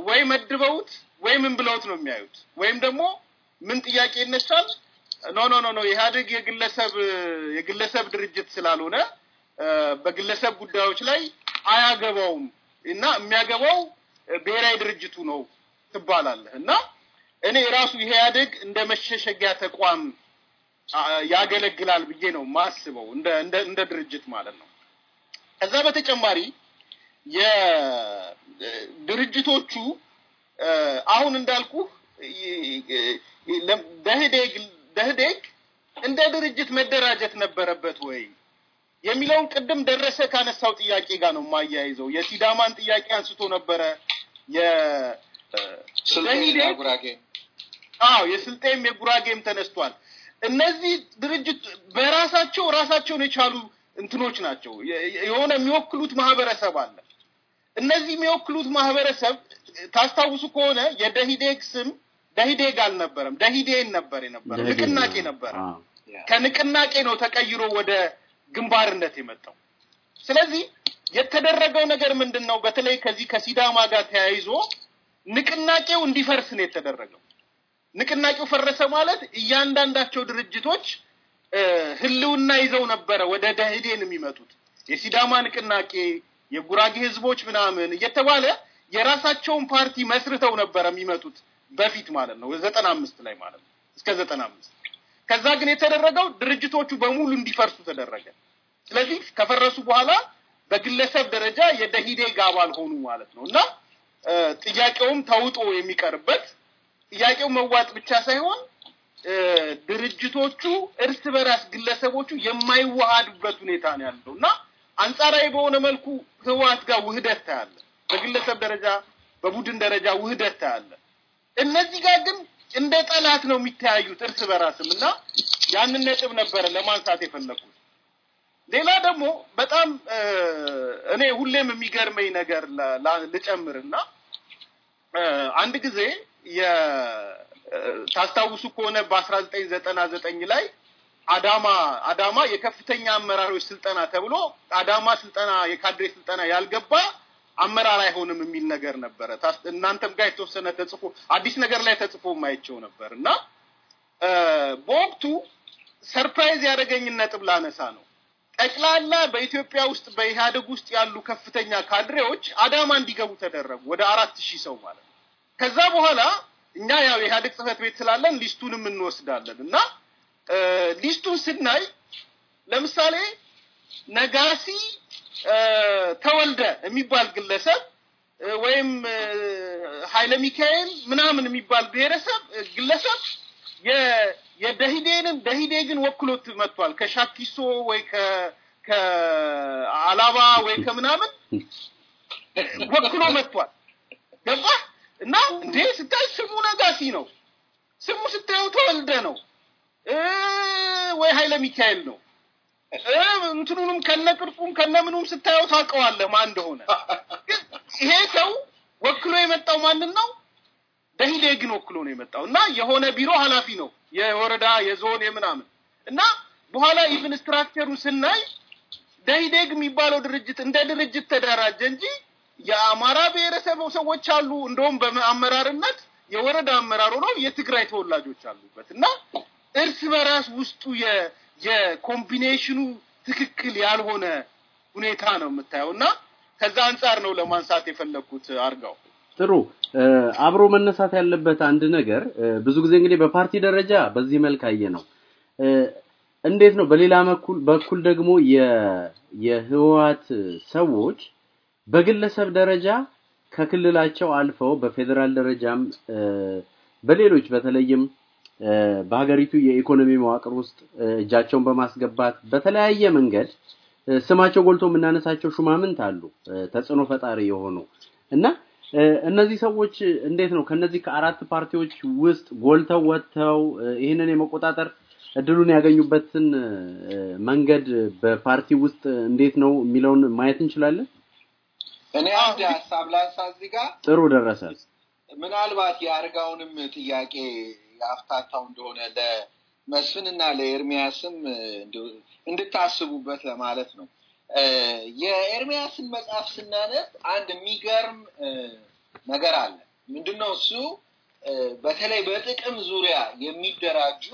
ወይ መድበውት ወይ ምን ብለውት ነው የሚያዩት፣ ወይም ደግሞ ምን ጥያቄ ይነሳል። ኖ ኖ ኖ ኖ ኢህአዴግ የግለሰብ የግለሰብ ድርጅት ስላልሆነ በግለሰብ ጉዳዮች ላይ አያገባውም እና የሚያገባው ብሔራዊ ድርጅቱ ነው ትባላለህ እና እኔ ራሱ ኢህአዴግ እንደ መሸሸጊያ ተቋም ያገለግላል ብዬ ነው ማስበው እንደ ድርጅት ማለት ነው። ከዛ በተጨማሪ የድርጅቶቹ አሁን እንዳልኩ ደህዴግ እንደ ድርጅት መደራጀት ነበረበት ወይ የሚለውን ቅድም ደረሰ ካነሳው ጥያቄ ጋር ነው የማያይዘው። የሲዳማን ጥያቄ አንስቶ ነበረ። የስልጤም አዎ የስልጤም የጉራጌም ተነስቷል። እነዚህ ድርጅት በራሳቸው ራሳቸውን የቻሉ እንትኖች ናቸው። የሆነ የሚወክሉት ማህበረሰብ አለ። እነዚህ የሚወክሉት ማህበረሰብ ታስታውሱ ከሆነ የደሂዴግ ስም ደሂዴግ አልነበረም፣ ደሂዴን ነበር የነበረ ንቅናቄ ነበረ። ከንቅናቄ ነው ተቀይሮ ወደ ግንባርነት የመጣው። ስለዚህ የተደረገው ነገር ምንድን ነው? በተለይ ከዚህ ከሲዳማ ጋር ተያይዞ ንቅናቄው እንዲፈርስ ነው የተደረገው። ንቅናቄው ፈረሰ ማለት እያንዳንዳቸው ድርጅቶች ህልውና ይዘው ነበረ ወደ ደህዴን የሚመጡት የሲዳማ ንቅናቄ፣ የጉራጌ ህዝቦች ምናምን እየተባለ የራሳቸውን ፓርቲ መስርተው ነበረ የሚመጡት በፊት ማለት ነው። ዘጠና አምስት ላይ ማለት ነው እስከ ዘጠና አምስት ከዛ ግን የተደረገው ድርጅቶቹ በሙሉ እንዲፈርሱ ተደረገ። ስለዚህ ከፈረሱ በኋላ በግለሰብ ደረጃ የደሂዴ አባል ሆኑ ማለት ነው እና ጥያቄውም ተውጦ የሚቀርበት ጥያቄው መዋጥ ብቻ ሳይሆን ድርጅቶቹ እርስ በራስ ግለሰቦቹ የማይዋሃዱበት ሁኔታ ነው ያለው እና አንጻራዊ በሆነ መልኩ ህወሀት ጋር ውህደት ታያለ። በግለሰብ ደረጃ፣ በቡድን ደረጃ ውህደት ታያለ። እነዚህ ጋር ግን እንደ ጠላት ነው የሚተያዩት እርስ በራስም እና ያንን ነጥብ ነበረ ለማንሳት የፈለኩት። ሌላ ደግሞ በጣም እኔ ሁሌም የሚገርመኝ ነገር ልጨምርና አንድ ጊዜ ታስታውሱ ከሆነ በአስራ ዘጠኝ ዘጠና ዘጠኝ ላይ አዳማ አዳማ የከፍተኛ አመራሮች ስልጠና ተብሎ አዳማ ስልጠና የካድሬ ስልጠና ያልገባ አመራር አይሆንም የሚል ነገር ነበረ። እናንተም ጋር የተወሰነ ተጽፎ አዲስ ነገር ላይ ተጽፎ ማይቸው ነበር እና በወቅቱ ሰርፕራይዝ ያደረገኝን ነጥብ ላነሳ ነው። ጠቅላላ በኢትዮጵያ ውስጥ በኢህአደግ ውስጥ ያሉ ከፍተኛ ካድሬዎች አዳማ እንዲገቡ ተደረጉ። ወደ አራት ሺህ ሰው ማለት ነው። ከዛ በኋላ እኛ ያው የኢህአዴግ ጽህፈት ቤት ስላለን ሊስቱንም እንወስዳለን እና ሊስቱን ስናይ ለምሳሌ ነጋሲ ተወልደ የሚባል ግለሰብ ወይም ሀይለ ሚካኤል ምናምን የሚባል ብሔረሰብ ግለሰብ የደሂዴንን ደሂዴ ግን ወክሎት መጥቷል። ከሻኪሶ ወይ ከአላባ ወይ ከምናምን ወክሎ መጥቷል። ገባ እና እንዴ ስታይ ስሙ ነጋሲ ነው። ስሙ ስታየው ተወልደ ነው ወይ ኃይለ ሚካኤል ነው። እንትኑንም ከነ ቅርጹም ከነ ምኑም ስታየው ታውቀዋለህ ማን እንደሆነ። ይሄ ሰው ወክሎ የመጣው ማንን ነው? ደኢህዴግን ወክሎ ነው የመጣው እና የሆነ ቢሮ ኃላፊ ነው የወረዳ የዞን የምናምን እና በኋላ ኢንፍራስትራክቸሩ ስናይ ደኢህዴግ የሚባለው ድርጅት እንደ ድርጅት ተደራጀ እንጂ የአማራ ብሔረሰብ ሰዎች አሉ። እንደውም በአመራርነት የወረዳ አመራር ሆነው የትግራይ ተወላጆች አሉበት እና እርስ በራስ ውስጡ የኮምቢኔሽኑ ትክክል ያልሆነ ሁኔታ ነው የምታየው እና ከዛ አንጻር ነው ለማንሳት የፈለግኩት አርጋው። ጥሩ አብሮ መነሳት ያለበት አንድ ነገር ብዙ ጊዜ እንግዲህ በፓርቲ ደረጃ በዚህ መልክ አየ ነው። እንዴት ነው በሌላ በኩል ደግሞ የህወሓት ሰዎች በግለሰብ ደረጃ ከክልላቸው አልፈው በፌዴራል ደረጃም በሌሎች በተለይም በሀገሪቱ የኢኮኖሚ መዋቅር ውስጥ እጃቸውን በማስገባት በተለያየ መንገድ ስማቸው ጎልቶ የምናነሳቸው ሹማምንት አሉ፣ ተጽዕኖ ፈጣሪ የሆኑ እና እነዚህ ሰዎች እንዴት ነው ከነዚህ ከአራት ፓርቲዎች ውስጥ ጎልተው ወጥተው ይህንን የመቆጣጠር እድሉን ያገኙበትን መንገድ በፓርቲ ውስጥ እንዴት ነው የሚለውን ማየት እንችላለን? እኔ አንድ ሀሳብ ላንሳ እዚህ ጋር ጥሩ ደረሰ። ምናልባት የአርጋውንም ጥያቄ አፍታታው እንደሆነ ለመስፍንና ለኤርሚያስም እንድታስቡበት ለማለት ነው። የኤርሚያስን መጽሐፍ ስናነት አንድ የሚገርም ነገር አለ። ምንድነው እሱ? በተለይ በጥቅም ዙሪያ የሚደራጁ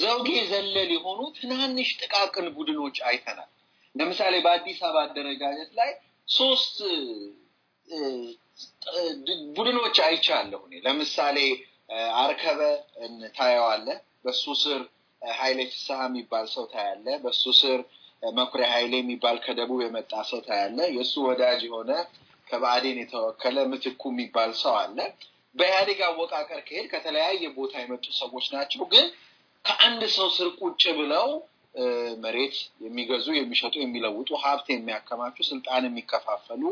ዘውጌ ዘለል የሆኑ ትናንሽ ጥቃቅን ቡድኖች አይተናል። ለምሳሌ በአዲስ አበባ አደረጃጀት ላይ ሶስት ቡድኖች አይቻለሁ። ለምሳሌ አርከበ ታየዋለ፣ በሱ ስር ኃይሌ ፍስሐ የሚባል ሰው ታያለ፣ በሱ ስር መኩሪያ ኃይሌ የሚባል ከደቡብ የመጣ ሰው ታያለ። የእሱ ወዳጅ የሆነ ከባአዴን የተወከለ ምትኩ የሚባል ሰው አለ። በኢህአዴግ አወቃቀር ከሄድ ከተለያየ ቦታ የመጡ ሰዎች ናቸው ግን ከአንድ ሰው ስር ቁጭ ብለው መሬት የሚገዙ የሚሸጡ፣ የሚለውጡ፣ ሀብት የሚያከማቹ፣ ስልጣን የሚከፋፈሉ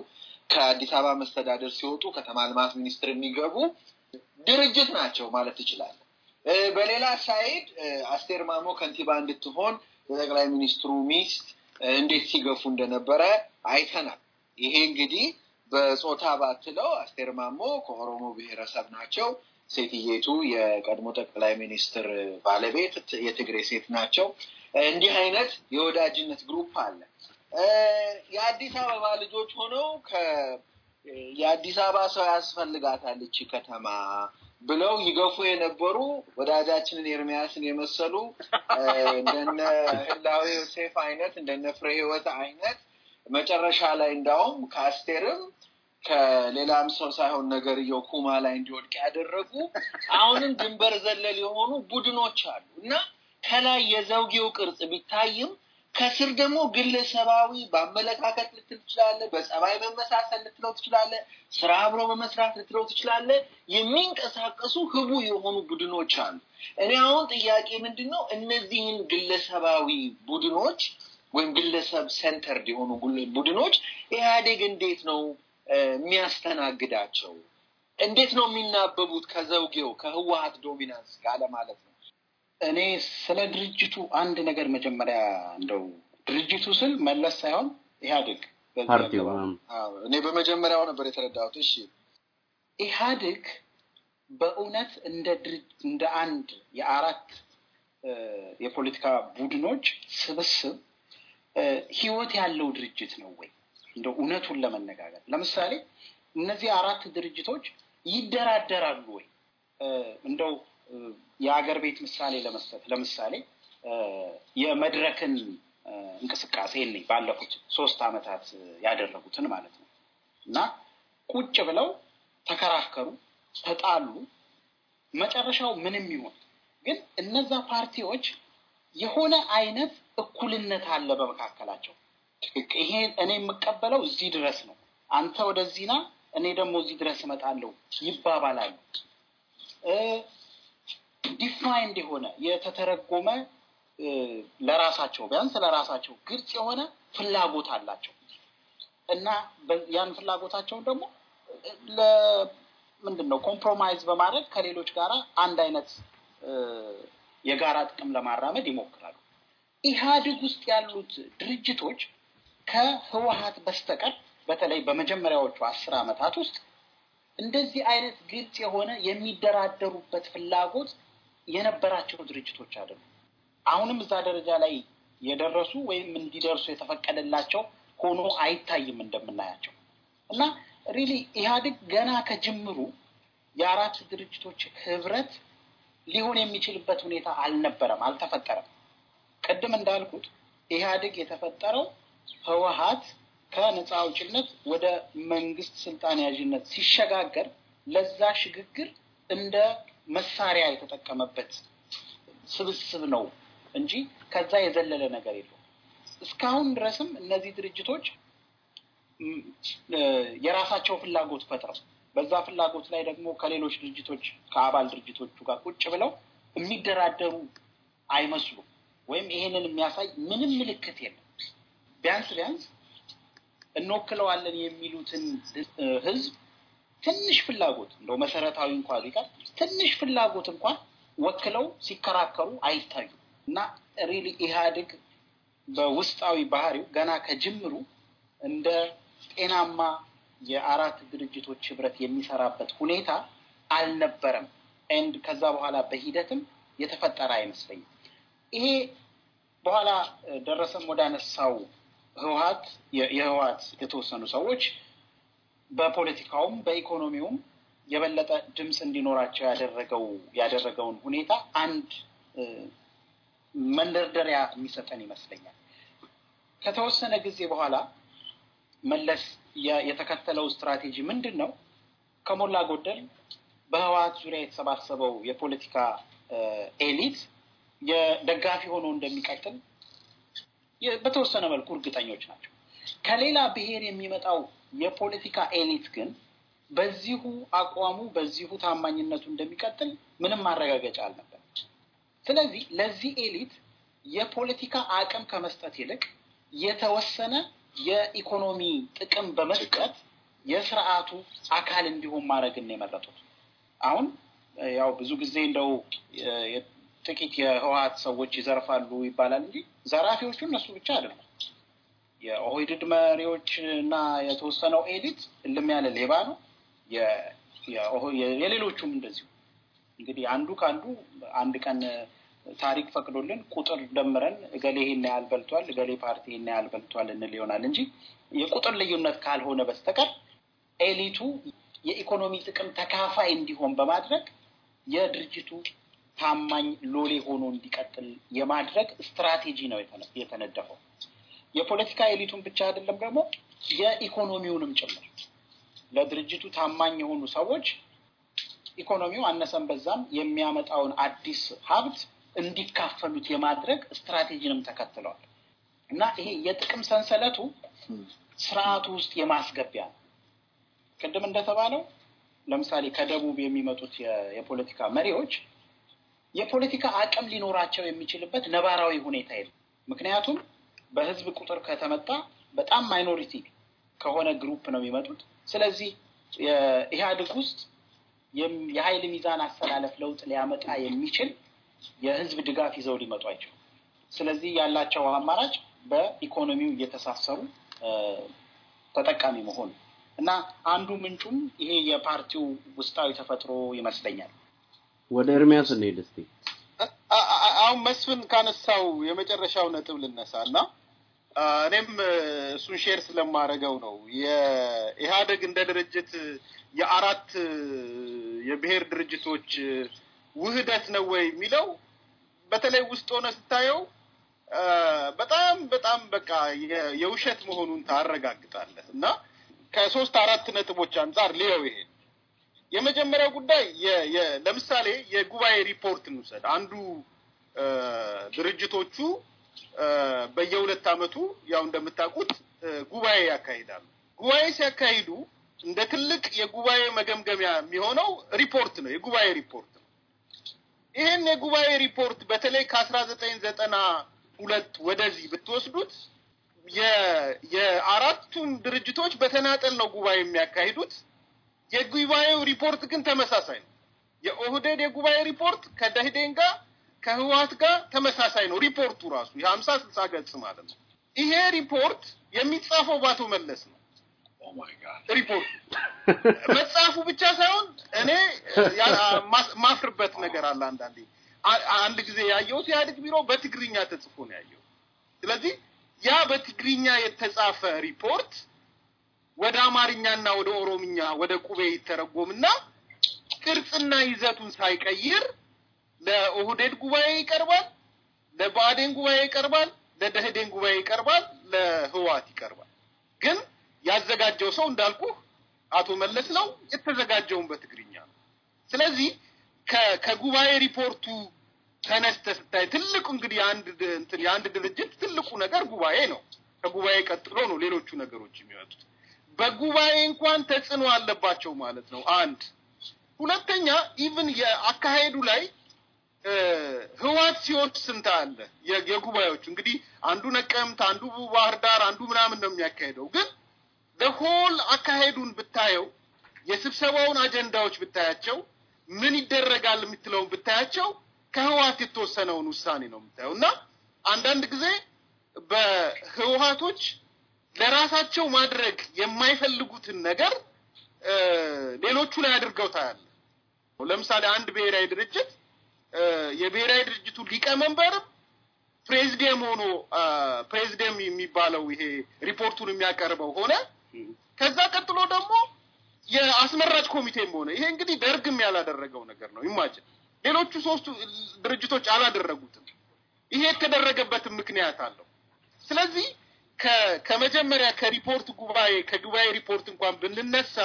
ከአዲስ አበባ መስተዳደር ሲወጡ ከተማ ልማት ሚኒስትር የሚገቡ ድርጅት ናቸው ማለት ይችላል። በሌላ ሳይድ አስቴር ማሞ ከንቲባ እንድትሆን የጠቅላይ ሚኒስትሩ ሚስት እንዴት ሲገፉ እንደነበረ አይተናል። ይሄ እንግዲህ በጾታ ባትለው አስቴር ማሞ ከኦሮሞ ብሔረሰብ ናቸው። ሴትየቱ የቀድሞ ጠቅላይ ሚኒስትር ባለቤት የትግሬ ሴት ናቸው። እንዲህ አይነት የወዳጅነት ግሩፕ አለ። የአዲስ አበባ ልጆች ሆነው የአዲስ አበባ ሰው ያስፈልጋታል እቺ ከተማ ብለው ይገፉ የነበሩ ወዳጃችንን ኤርሚያስን የመሰሉ እንደነ ህላዊ ዮሴፍ አይነት እንደነ ፍሬ ህይወት አይነት መጨረሻ ላይ እንዳውም ከአስቴርም ከሌላም ሰው ሳይሆን ነገርየው ኩማ ላይ እንዲወድቅ ያደረጉ አሁንም ድንበር ዘለል የሆኑ ቡድኖች አሉ እና ከላይ የዘውጌው ቅርጽ ቢታይም ከስር ደግሞ ግለሰባዊ በአመለካከት ልትል ትችላለ፣ በጸባይ መመሳሰል ልትለው ትችላለ፣ ስራ አብሮ በመስራት ልትለው ትችላለ። የሚንቀሳቀሱ ህቡ የሆኑ ቡድኖች አሉ። እኔ አሁን ጥያቄ ምንድን ነው እነዚህን ግለሰባዊ ቡድኖች ወይም ግለሰብ ሴንተርድ የሆኑ ቡድኖች ኢህአዴግ እንዴት ነው የሚያስተናግዳቸው? እንዴት ነው የሚናበቡት ከዘውጌው ከህወሀት ዶሚናንስ ጋር ለማለት ነው። እኔ ስለ ድርጅቱ አንድ ነገር መጀመሪያ እንደው ድርጅቱ ስል መለስ ሳይሆን ኢህአዴግ እኔ በመጀመሪያው ነበር የተረዳሁት። እሺ ኢህአዴግ በእውነት እንደ እንደ አንድ የአራት የፖለቲካ ቡድኖች ስብስብ ህይወት ያለው ድርጅት ነው ወይ? እንደ እውነቱን ለመነጋገር ለምሳሌ እነዚህ አራት ድርጅቶች ይደራደራሉ ወይ? እንደው የአገር ቤት ምሳሌ ለመስጠት ለምሳሌ የመድረክን እንቅስቃሴ ኔ ባለፉት ሶስት አመታት ያደረጉትን ማለት ነው እና ቁጭ ብለው ተከራከሩ፣ ተጣሉ። መጨረሻው ምንም ይሆን ግን እነዛ ፓርቲዎች የሆነ አይነት እኩልነት አለ በመካከላቸው። ይሄ እኔ የምቀበለው እዚህ ድረስ ነው፣ አንተ ወደዚህ ና፣ እኔ ደግሞ እዚህ ድረስ እመጣለሁ ይባባላሉ። ዘመናዊ እንዲሆነ የተተረጎመ ለራሳቸው ቢያንስ ለራሳቸው ግልጽ የሆነ ፍላጎት አላቸው እና ያን ፍላጎታቸውን ደግሞ ለምንድን ነው ኮምፕሮማይዝ በማድረግ ከሌሎች ጋራ አንድ አይነት የጋራ ጥቅም ለማራመድ ይሞክራሉ። ኢህአዴግ ውስጥ ያሉት ድርጅቶች ከህወሀት በስተቀር በተለይ በመጀመሪያዎቹ አስር ዓመታት ውስጥ እንደዚህ አይነት ግልጽ የሆነ የሚደራደሩበት ፍላጎት የነበራቸው ድርጅቶች አይደሉ። አሁንም እዛ ደረጃ ላይ የደረሱ ወይም እንዲደርሱ የተፈቀደላቸው ሆኖ አይታይም እንደምናያቸው እና ሪሊ ኢህአዴግ ገና ከጅምሩ የአራት ድርጅቶች ህብረት ሊሆን የሚችልበት ሁኔታ አልነበረም፣ አልተፈጠረም። ቅድም እንዳልኩት ኢህአዴግ የተፈጠረው ህወሀት ከነፃ አውጭነት ወደ መንግስት ስልጣን ያዥነት ሲሸጋገር ለዛ ሽግግር እንደ መሳሪያ የተጠቀመበት ስብስብ ነው እንጂ ከዛ የዘለለ ነገር የለው። እስካሁን ድረስም እነዚህ ድርጅቶች የራሳቸው ፍላጎት ፈጥረው በዛ ፍላጎት ላይ ደግሞ ከሌሎች ድርጅቶች ከአባል ድርጅቶቹ ጋር ቁጭ ብለው የሚደራደሩ አይመስሉም። ወይም ይሄንን የሚያሳይ ምንም ምልክት የለም። ቢያንስ ቢያንስ እንወክለዋለን የሚሉትን ህዝብ ትንሽ ፍላጎት እንደው መሰረታዊ እንኳ ቢቀር ትንሽ ፍላጎት እንኳን ወክለው ሲከራከሩ አይታዩ እና ሪሊ ኢህአዴግ በውስጣዊ ባህሪው ገና ከጅምሩ እንደ ጤናማ የአራት ድርጅቶች ህብረት የሚሰራበት ሁኔታ አልነበረም። ኤንድ ከዛ በኋላ በሂደትም የተፈጠረ አይመስለኝም። ይሄ በኋላ ደረሰም ወዳነሳው ህወሀት የህወሀት የተወሰኑ ሰዎች በፖለቲካውም በኢኮኖሚውም የበለጠ ድምፅ እንዲኖራቸው ያደረገው ያደረገውን ሁኔታ አንድ መንደርደሪያ የሚሰጠን ይመስለኛል። ከተወሰነ ጊዜ በኋላ መለስ የተከተለው ስትራቴጂ ምንድን ነው? ከሞላ ጎደል በህወሓት ዙሪያ የተሰባሰበው የፖለቲካ ኤሊት የደጋፊ ሆኖ እንደሚቀጥል በተወሰነ መልኩ እርግጠኞች ናቸው። ከሌላ ብሔር የሚመጣው የፖለቲካ ኤሊት ግን በዚሁ አቋሙ በዚሁ ታማኝነቱ እንደሚቀጥል ምንም ማረጋገጫ አልነበር። ስለዚህ ለዚህ ኤሊት የፖለቲካ አቅም ከመስጠት ይልቅ የተወሰነ የኢኮኖሚ ጥቅም በመስጠት የስርዓቱ አካል እንዲሆን ማድረግን የመረጡት። አሁን ያው ብዙ ጊዜ እንደው ጥቂት የህወሀት ሰዎች ይዘርፋሉ ይባላል እንጂ ዘራፊዎቹ እነሱ ብቻ አይደሉም። የኦህድድ መሪዎች እና የተወሰነው ኤሊት እልም ያለ ሌባ ነው። የሌሎቹም እንደዚሁ እንግዲህ አንዱ ከአንዱ አንድ ቀን ታሪክ ፈቅዶልን ቁጥር ደምረን እገሌ ይሄን ያህል በልቷል፣ እገሌ ፓርቲ ይሄን ያህል በልቷል እንል ይሆናል እንጂ የቁጥር ልዩነት ካልሆነ በስተቀር ኤሊቱ የኢኮኖሚ ጥቅም ተካፋይ እንዲሆን በማድረግ የድርጅቱ ታማኝ ሎሌ ሆኖ እንዲቀጥል የማድረግ ስትራቴጂ ነው የተነደፈው። የፖለቲካ ኤሊቱን ብቻ አይደለም ደግሞ የኢኮኖሚውንም ጭምር ለድርጅቱ ታማኝ የሆኑ ሰዎች ኢኮኖሚው አነሰን በዛም የሚያመጣውን አዲስ ሀብት እንዲካፈሉት የማድረግ ስትራቴጂንም ተከትለዋል እና ይሄ የጥቅም ሰንሰለቱ ስርዓቱ ውስጥ የማስገቢያ ነው። ቅድም እንደተባለው ለምሳሌ ከደቡብ የሚመጡት የፖለቲካ መሪዎች የፖለቲካ አቅም ሊኖራቸው የሚችልበት ነባራዊ ሁኔታ የለም። ምክንያቱም በህዝብ ቁጥር ከተመጣ በጣም ማይኖሪቲ ከሆነ ግሩፕ ነው የሚመጡት። ስለዚህ ኢህአዴግ ውስጥ የሀይል ሚዛን አስተላለፍ ለውጥ ሊያመጣ የሚችል የህዝብ ድጋፍ ይዘው ሊመጡ አይችሉም። ስለዚህ ያላቸው አማራጭ በኢኮኖሚው እየተሳሰሩ ተጠቃሚ መሆን እና አንዱ ምንጩም ይሄ የፓርቲው ውስጣዊ ተፈጥሮ ይመስለኛል። ወደ ኤርሚያስ እንሂድ እስቲ። አሁን መስፍን ካነሳው የመጨረሻው ነጥብ ልነሳ እና እኔም እሱን ሼር ስለማደርገው ነው። የኢህአደግ እንደ ድርጅት የአራት የብሔር ድርጅቶች ውህደት ነው ወይ የሚለው በተለይ ውስጥ ሆነ ስታየው በጣም በጣም በቃ የውሸት መሆኑን ታረጋግጣለህ እና ከሶስት አራት ነጥቦች አንጻር ሊየው ይሄ የመጀመሪያው ጉዳይ ለምሳሌ የጉባኤ ሪፖርት እንውሰድ። አንዱ ድርጅቶቹ በየሁለት ዓመቱ ያው እንደምታውቁት ጉባኤ ያካሂዳሉ። ጉባኤ ሲያካሂዱ እንደ ትልቅ የጉባኤ መገምገሚያ የሚሆነው ሪፖርት ነው፣ የጉባኤ ሪፖርት ነው። ይህን የጉባኤ ሪፖርት በተለይ ከአስራ ዘጠኝ ዘጠና ሁለት ወደዚህ ብትወስዱት የአራቱም ድርጅቶች በተናጠል ነው ጉባኤ የሚያካሂዱት። የጉባኤው ሪፖርት ግን ተመሳሳይ ነው። የኦህዴድ የጉባኤ ሪፖርት ከደኢህዴን ጋር ከህወሀት ጋር ተመሳሳይ ነው ሪፖርቱ ራሱ የሀምሳ ስልሳ ገጽ ማለት ነው። ይሄ ሪፖርት የሚጻፈው ባቶ መለስ ነው። oh ሪፖርቱ መጽሐፉ ብቻ ሳይሆን እኔ ማፍርበት ነገር አለ። አንዳንዴ አንድ ጊዜ ያየሁት ኢህአዴግ ቢሮ በትግርኛ ተጽፎ ነው ያየው። ስለዚህ ያ በትግርኛ የተጻፈ ሪፖርት ወደ አማርኛና ወደ ኦሮምኛ ወደ ቁቤ ይተረጎምና ቅርጽና ይዘቱን ሳይቀይር ለኦህዴድ ጉባኤ ይቀርባል፣ ለብአዴን ጉባኤ ይቀርባል፣ ለደህዴን ጉባኤ ይቀርባል፣ ለህወሓት ይቀርባል። ግን ያዘጋጀው ሰው እንዳልኩ አቶ መለስ ነው። የተዘጋጀውን በትግርኛ ነው። ስለዚህ ከጉባኤ ሪፖርቱ ተነስተ ስታይ ትልቁ እንግዲህ የአንድ ድርጅት ትልቁ ነገር ጉባኤ ነው። ከጉባኤ ቀጥሎ ነው ሌሎቹ ነገሮች የሚመጡት። በጉባኤ እንኳን ተጽዕኖ አለባቸው ማለት ነው። አንድ ሁለተኛ ኢቭን የአካሄዱ ላይ ህዋት ሲወስድ ስንት አለ የጉባኤዎቹ እንግዲህ አንዱ ነቀምት፣ አንዱ ባህር ዳር፣ አንዱ ምናምን ነው የሚያካሄደው። ግን ሆል አካሄዱን ብታየው የስብሰባውን አጀንዳዎች ብታያቸው ምን ይደረጋል የምትለውን ብታያቸው ከህወሀት የተወሰነውን ውሳኔ ነው የምታየው። እና አንዳንድ ጊዜ በህወሀቶች ለራሳቸው ማድረግ የማይፈልጉትን ነገር ሌሎቹ ላይ አድርገው ታያለ። ለምሳሌ አንድ ብሔራዊ ድርጅት የብሔራዊ ድርጅቱ ሊቀመንበርም ፕሬዚደም ሆኖ ፕሬዚደም የሚባለው ይሄ ሪፖርቱን የሚያቀርበው ሆነ። ከዛ ቀጥሎ ደግሞ የአስመራጭ ኮሚቴም ሆነ። ይሄ እንግዲህ ደርግም ያላደረገው ነገር ነው። ይማጭን ሌሎቹ ሶስቱ ድርጅቶች አላደረጉትም። ይሄ የተደረገበትም ምክንያት አለው። ስለዚህ ከመጀመሪያ ከሪፖርት ጉባኤ ከጉባኤ ሪፖርት እንኳን ብንነሳ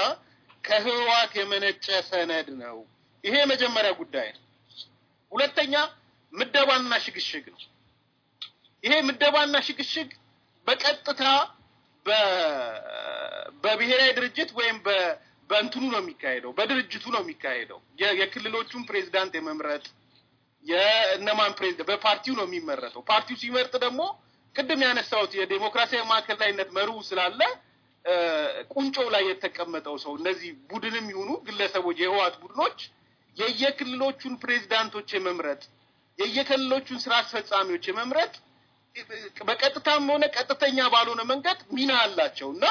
ከህወሓት የመነጨ ሰነድ ነው። ይሄ የመጀመሪያ ጉዳይ ነው። ሁለተኛ ምደባና ሽግሽግ ነው። ይሄ ምደባና ሽግሽግ በቀጥታ በብሔራዊ ድርጅት ወይም በእንትኑ ነው የሚካሄደው፣ በድርጅቱ ነው የሚካሄደው። የክልሎቹን ፕሬዚዳንት የመምረጥ የእነማን ፕሬዚዳንት በፓርቲው ነው የሚመረጠው። ፓርቲው ሲመርጥ ደግሞ ቅድም ያነሳሁት የዴሞክራሲያዊ ማዕከላዊነት መርሁ ስላለ ቁንጮው ላይ የተቀመጠው ሰው እነዚህ ቡድንም ይሁኑ ግለሰቦች የህወሓት ቡድኖች የየክልሎቹን ፕሬዚዳንቶች የመምረጥ የየክልሎቹን ስራ አስፈጻሚዎች የመምረጥ በቀጥታም ሆነ ቀጥተኛ ባልሆነ መንገድ ሚና አላቸው እና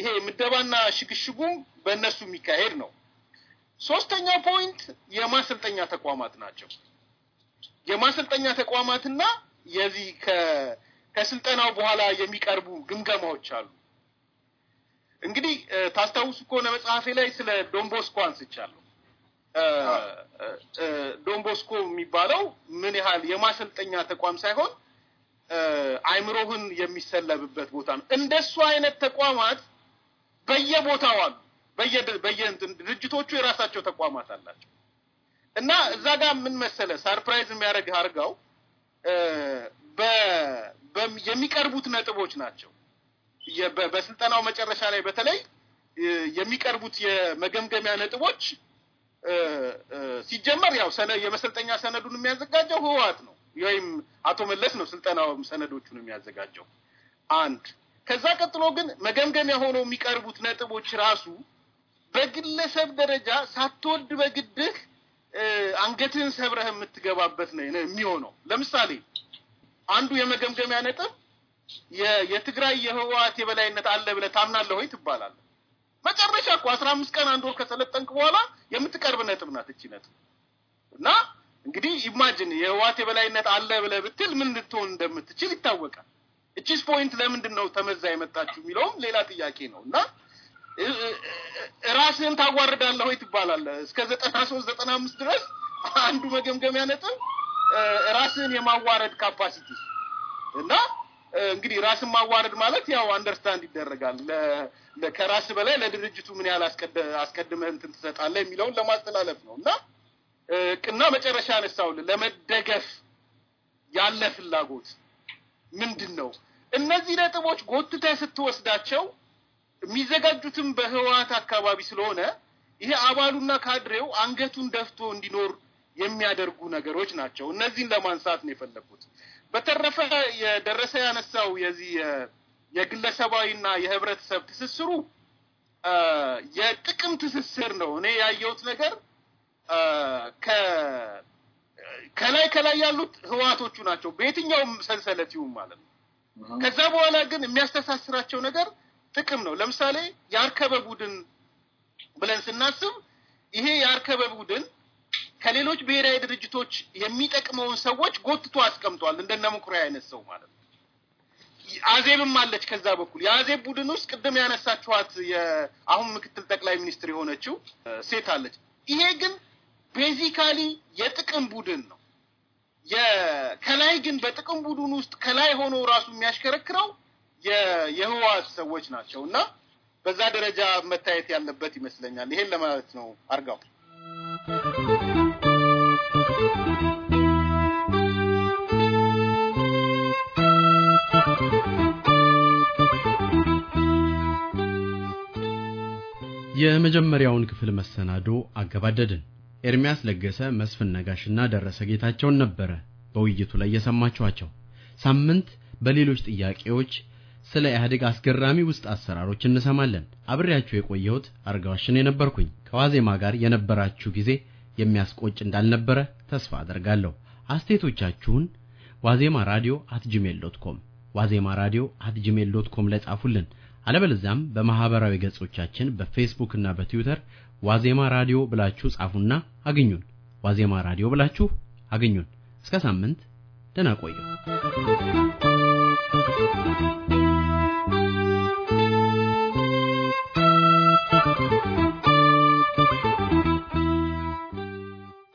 ይሄ ምደባና ሽግሽጉም በእነሱ የሚካሄድ ነው። ሶስተኛው ፖይንት የማሰልጠኛ ተቋማት ናቸው። የማሰልጠኛ ተቋማትና የዚህ ከስልጠናው በኋላ የሚቀርቡ ግምገማዎች አሉ። እንግዲህ ታስታውሱ ከሆነ መጽሐፌ ላይ ስለ ዶንቦስኮ አንስቻለሁ። ዶንቦስኮ የሚባለው ምን ያህል የማሰልጠኛ ተቋም ሳይሆን አይምሮህን የሚሰለብበት ቦታ ነው። እንደሱ አይነት ተቋማት በየቦታው አሉ። በየድርጅቶቹ የራሳቸው ተቋማት አላቸው እና እዛ ጋር ምን መሰለ ሰርፕራይዝ የሚያደርግ አርጋው የሚቀርቡት ነጥቦች ናቸው። በስልጠናው መጨረሻ ላይ በተለይ የሚቀርቡት የመገምገሚያ ነጥቦች ሲጀመር ያው የመሰልጠኛ ሰነዱን የሚያዘጋጀው ህወሓት ነው ወይም አቶ መለስ ነው ስልጠና ሰነዶቹን የሚያዘጋጀው። አንድ ከዛ ቀጥሎ ግን መገምገሚያ ሆነው የሚቀርቡት ነጥቦች ራሱ በግለሰብ ደረጃ ሳትወድ በግድህ አንገትህን ሰብረህ የምትገባበት ነው የሚሆነው። ለምሳሌ አንዱ የመገምገሚያ ነጥብ የትግራይ የህወሓት የበላይነት አለ ብለ ታምናለህ ወይ መጨረሻ እኮ አስራ አምስት ቀን አንድ ወር ከሰለጠንክ በኋላ የምትቀርብ ነጥብ ናት እቺ ነጥብ እና እንግዲህ ኢማጅን የህዋት የበላይነት አለ ብለህ ብትል ምን ልትሆን እንደምትችል ይታወቃል። እቺስ ፖይንት ለምንድን ነው ተመዛ የመጣችሁ የሚለውም ሌላ ጥያቄ ነው እና ራስህን ታዋርዳለህ ወይ ትባላለህ። እስከ ዘጠና ሶስት ዘጠና አምስት ድረስ አንዱ መገምገሚያ ነጥብ ራስህን የማዋረድ ካፓሲቲ እና እንግዲህ ራስን ማዋረድ ማለት ያው አንደርስታንድ ይደረጋል። ከራስ በላይ ለድርጅቱ ምን ያህል አስቀድመህ እንትን ትሰጣለህ የሚለውን ለማስተላለፍ ነው እና እና መጨረሻ ያነሳውል ለመደገፍ ያለ ፍላጎት ምንድን ነው? እነዚህ ነጥቦች ጎትተህ ስትወስዳቸው የሚዘጋጁትም በህወሀት አካባቢ ስለሆነ ይሄ አባሉና ካድሬው አንገቱን ደፍቶ እንዲኖር የሚያደርጉ ነገሮች ናቸው። እነዚህን ለማንሳት ነው የፈለግኩት። በተረፈ የደረሰ ያነሳው የዚህ የግለሰባዊና የህብረተሰብ ትስስሩ የጥቅም ትስስር ነው። እኔ ያየሁት ነገር ከላይ ከላይ ያሉት ህዋቶቹ ናቸው በየትኛውም ሰንሰለት ይሁን ማለት ነው። ከዛ በኋላ ግን የሚያስተሳስራቸው ነገር ጥቅም ነው። ለምሳሌ የአርከበ ቡድን ብለን ስናስብ ይሄ የአርከበ ቡድን ከሌሎች ብሔራዊ ድርጅቶች የሚጠቅመውን ሰዎች ጎትቶ አስቀምጧል። እንደነ መኩሪያ አይነት ሰው ማለት ነው። አዜብም አለች ከዛ በኩል የአዜብ ቡድን ውስጥ ቅድም ያነሳችኋት የአሁን ምክትል ጠቅላይ ሚኒስትር የሆነችው ሴት አለች። ይሄ ግን ቤዚካሊ የጥቅም ቡድን ነው። ከላይ ግን በጥቅም ቡድን ውስጥ ከላይ ሆኖ ራሱ የሚያሽከረክረው የህወሓት ሰዎች ናቸው እና በዛ ደረጃ መታየት ያለበት ይመስለኛል። ይሄን ለማለት ነው አርጋው። የመጀመሪያውን ክፍል መሰናዶ አገባደድን። ኤርሚያስ ለገሰ፣ መስፍን ነጋሽና ደረሰ ጌታቸውን ነበረ በውይይቱ ላይ የሰማችኋቸው። ሳምንት በሌሎች ጥያቄዎች ስለ ኢህአዴግ አስገራሚ ውስጥ አሰራሮች እንሰማለን። አብሬያችሁ የቆየሁት አርጋዋሽን የነበርኩኝ። ከዋዜማ ጋር የነበራችሁ ጊዜ የሚያስቆጭ እንዳልነበረ ተስፋ አደርጋለሁ። አስተያየቶቻችሁን ዋዜማ ራዲዮ አት ጂሜል ዶት ኮም ዋዜማ ራዲዮ አት ጂሜል ዶት ኮም ላይ ጻፉልን። አለበለዚያም በማህበራዊ ገጾቻችን በፌስቡክ እና በትዊተር ዋዜማ ራዲዮ ብላችሁ ጻፉና አግኙን። ዋዜማ ራዲዮ ብላችሁ አግኙን። እስከ ሳምንት ደህና ቆዩ።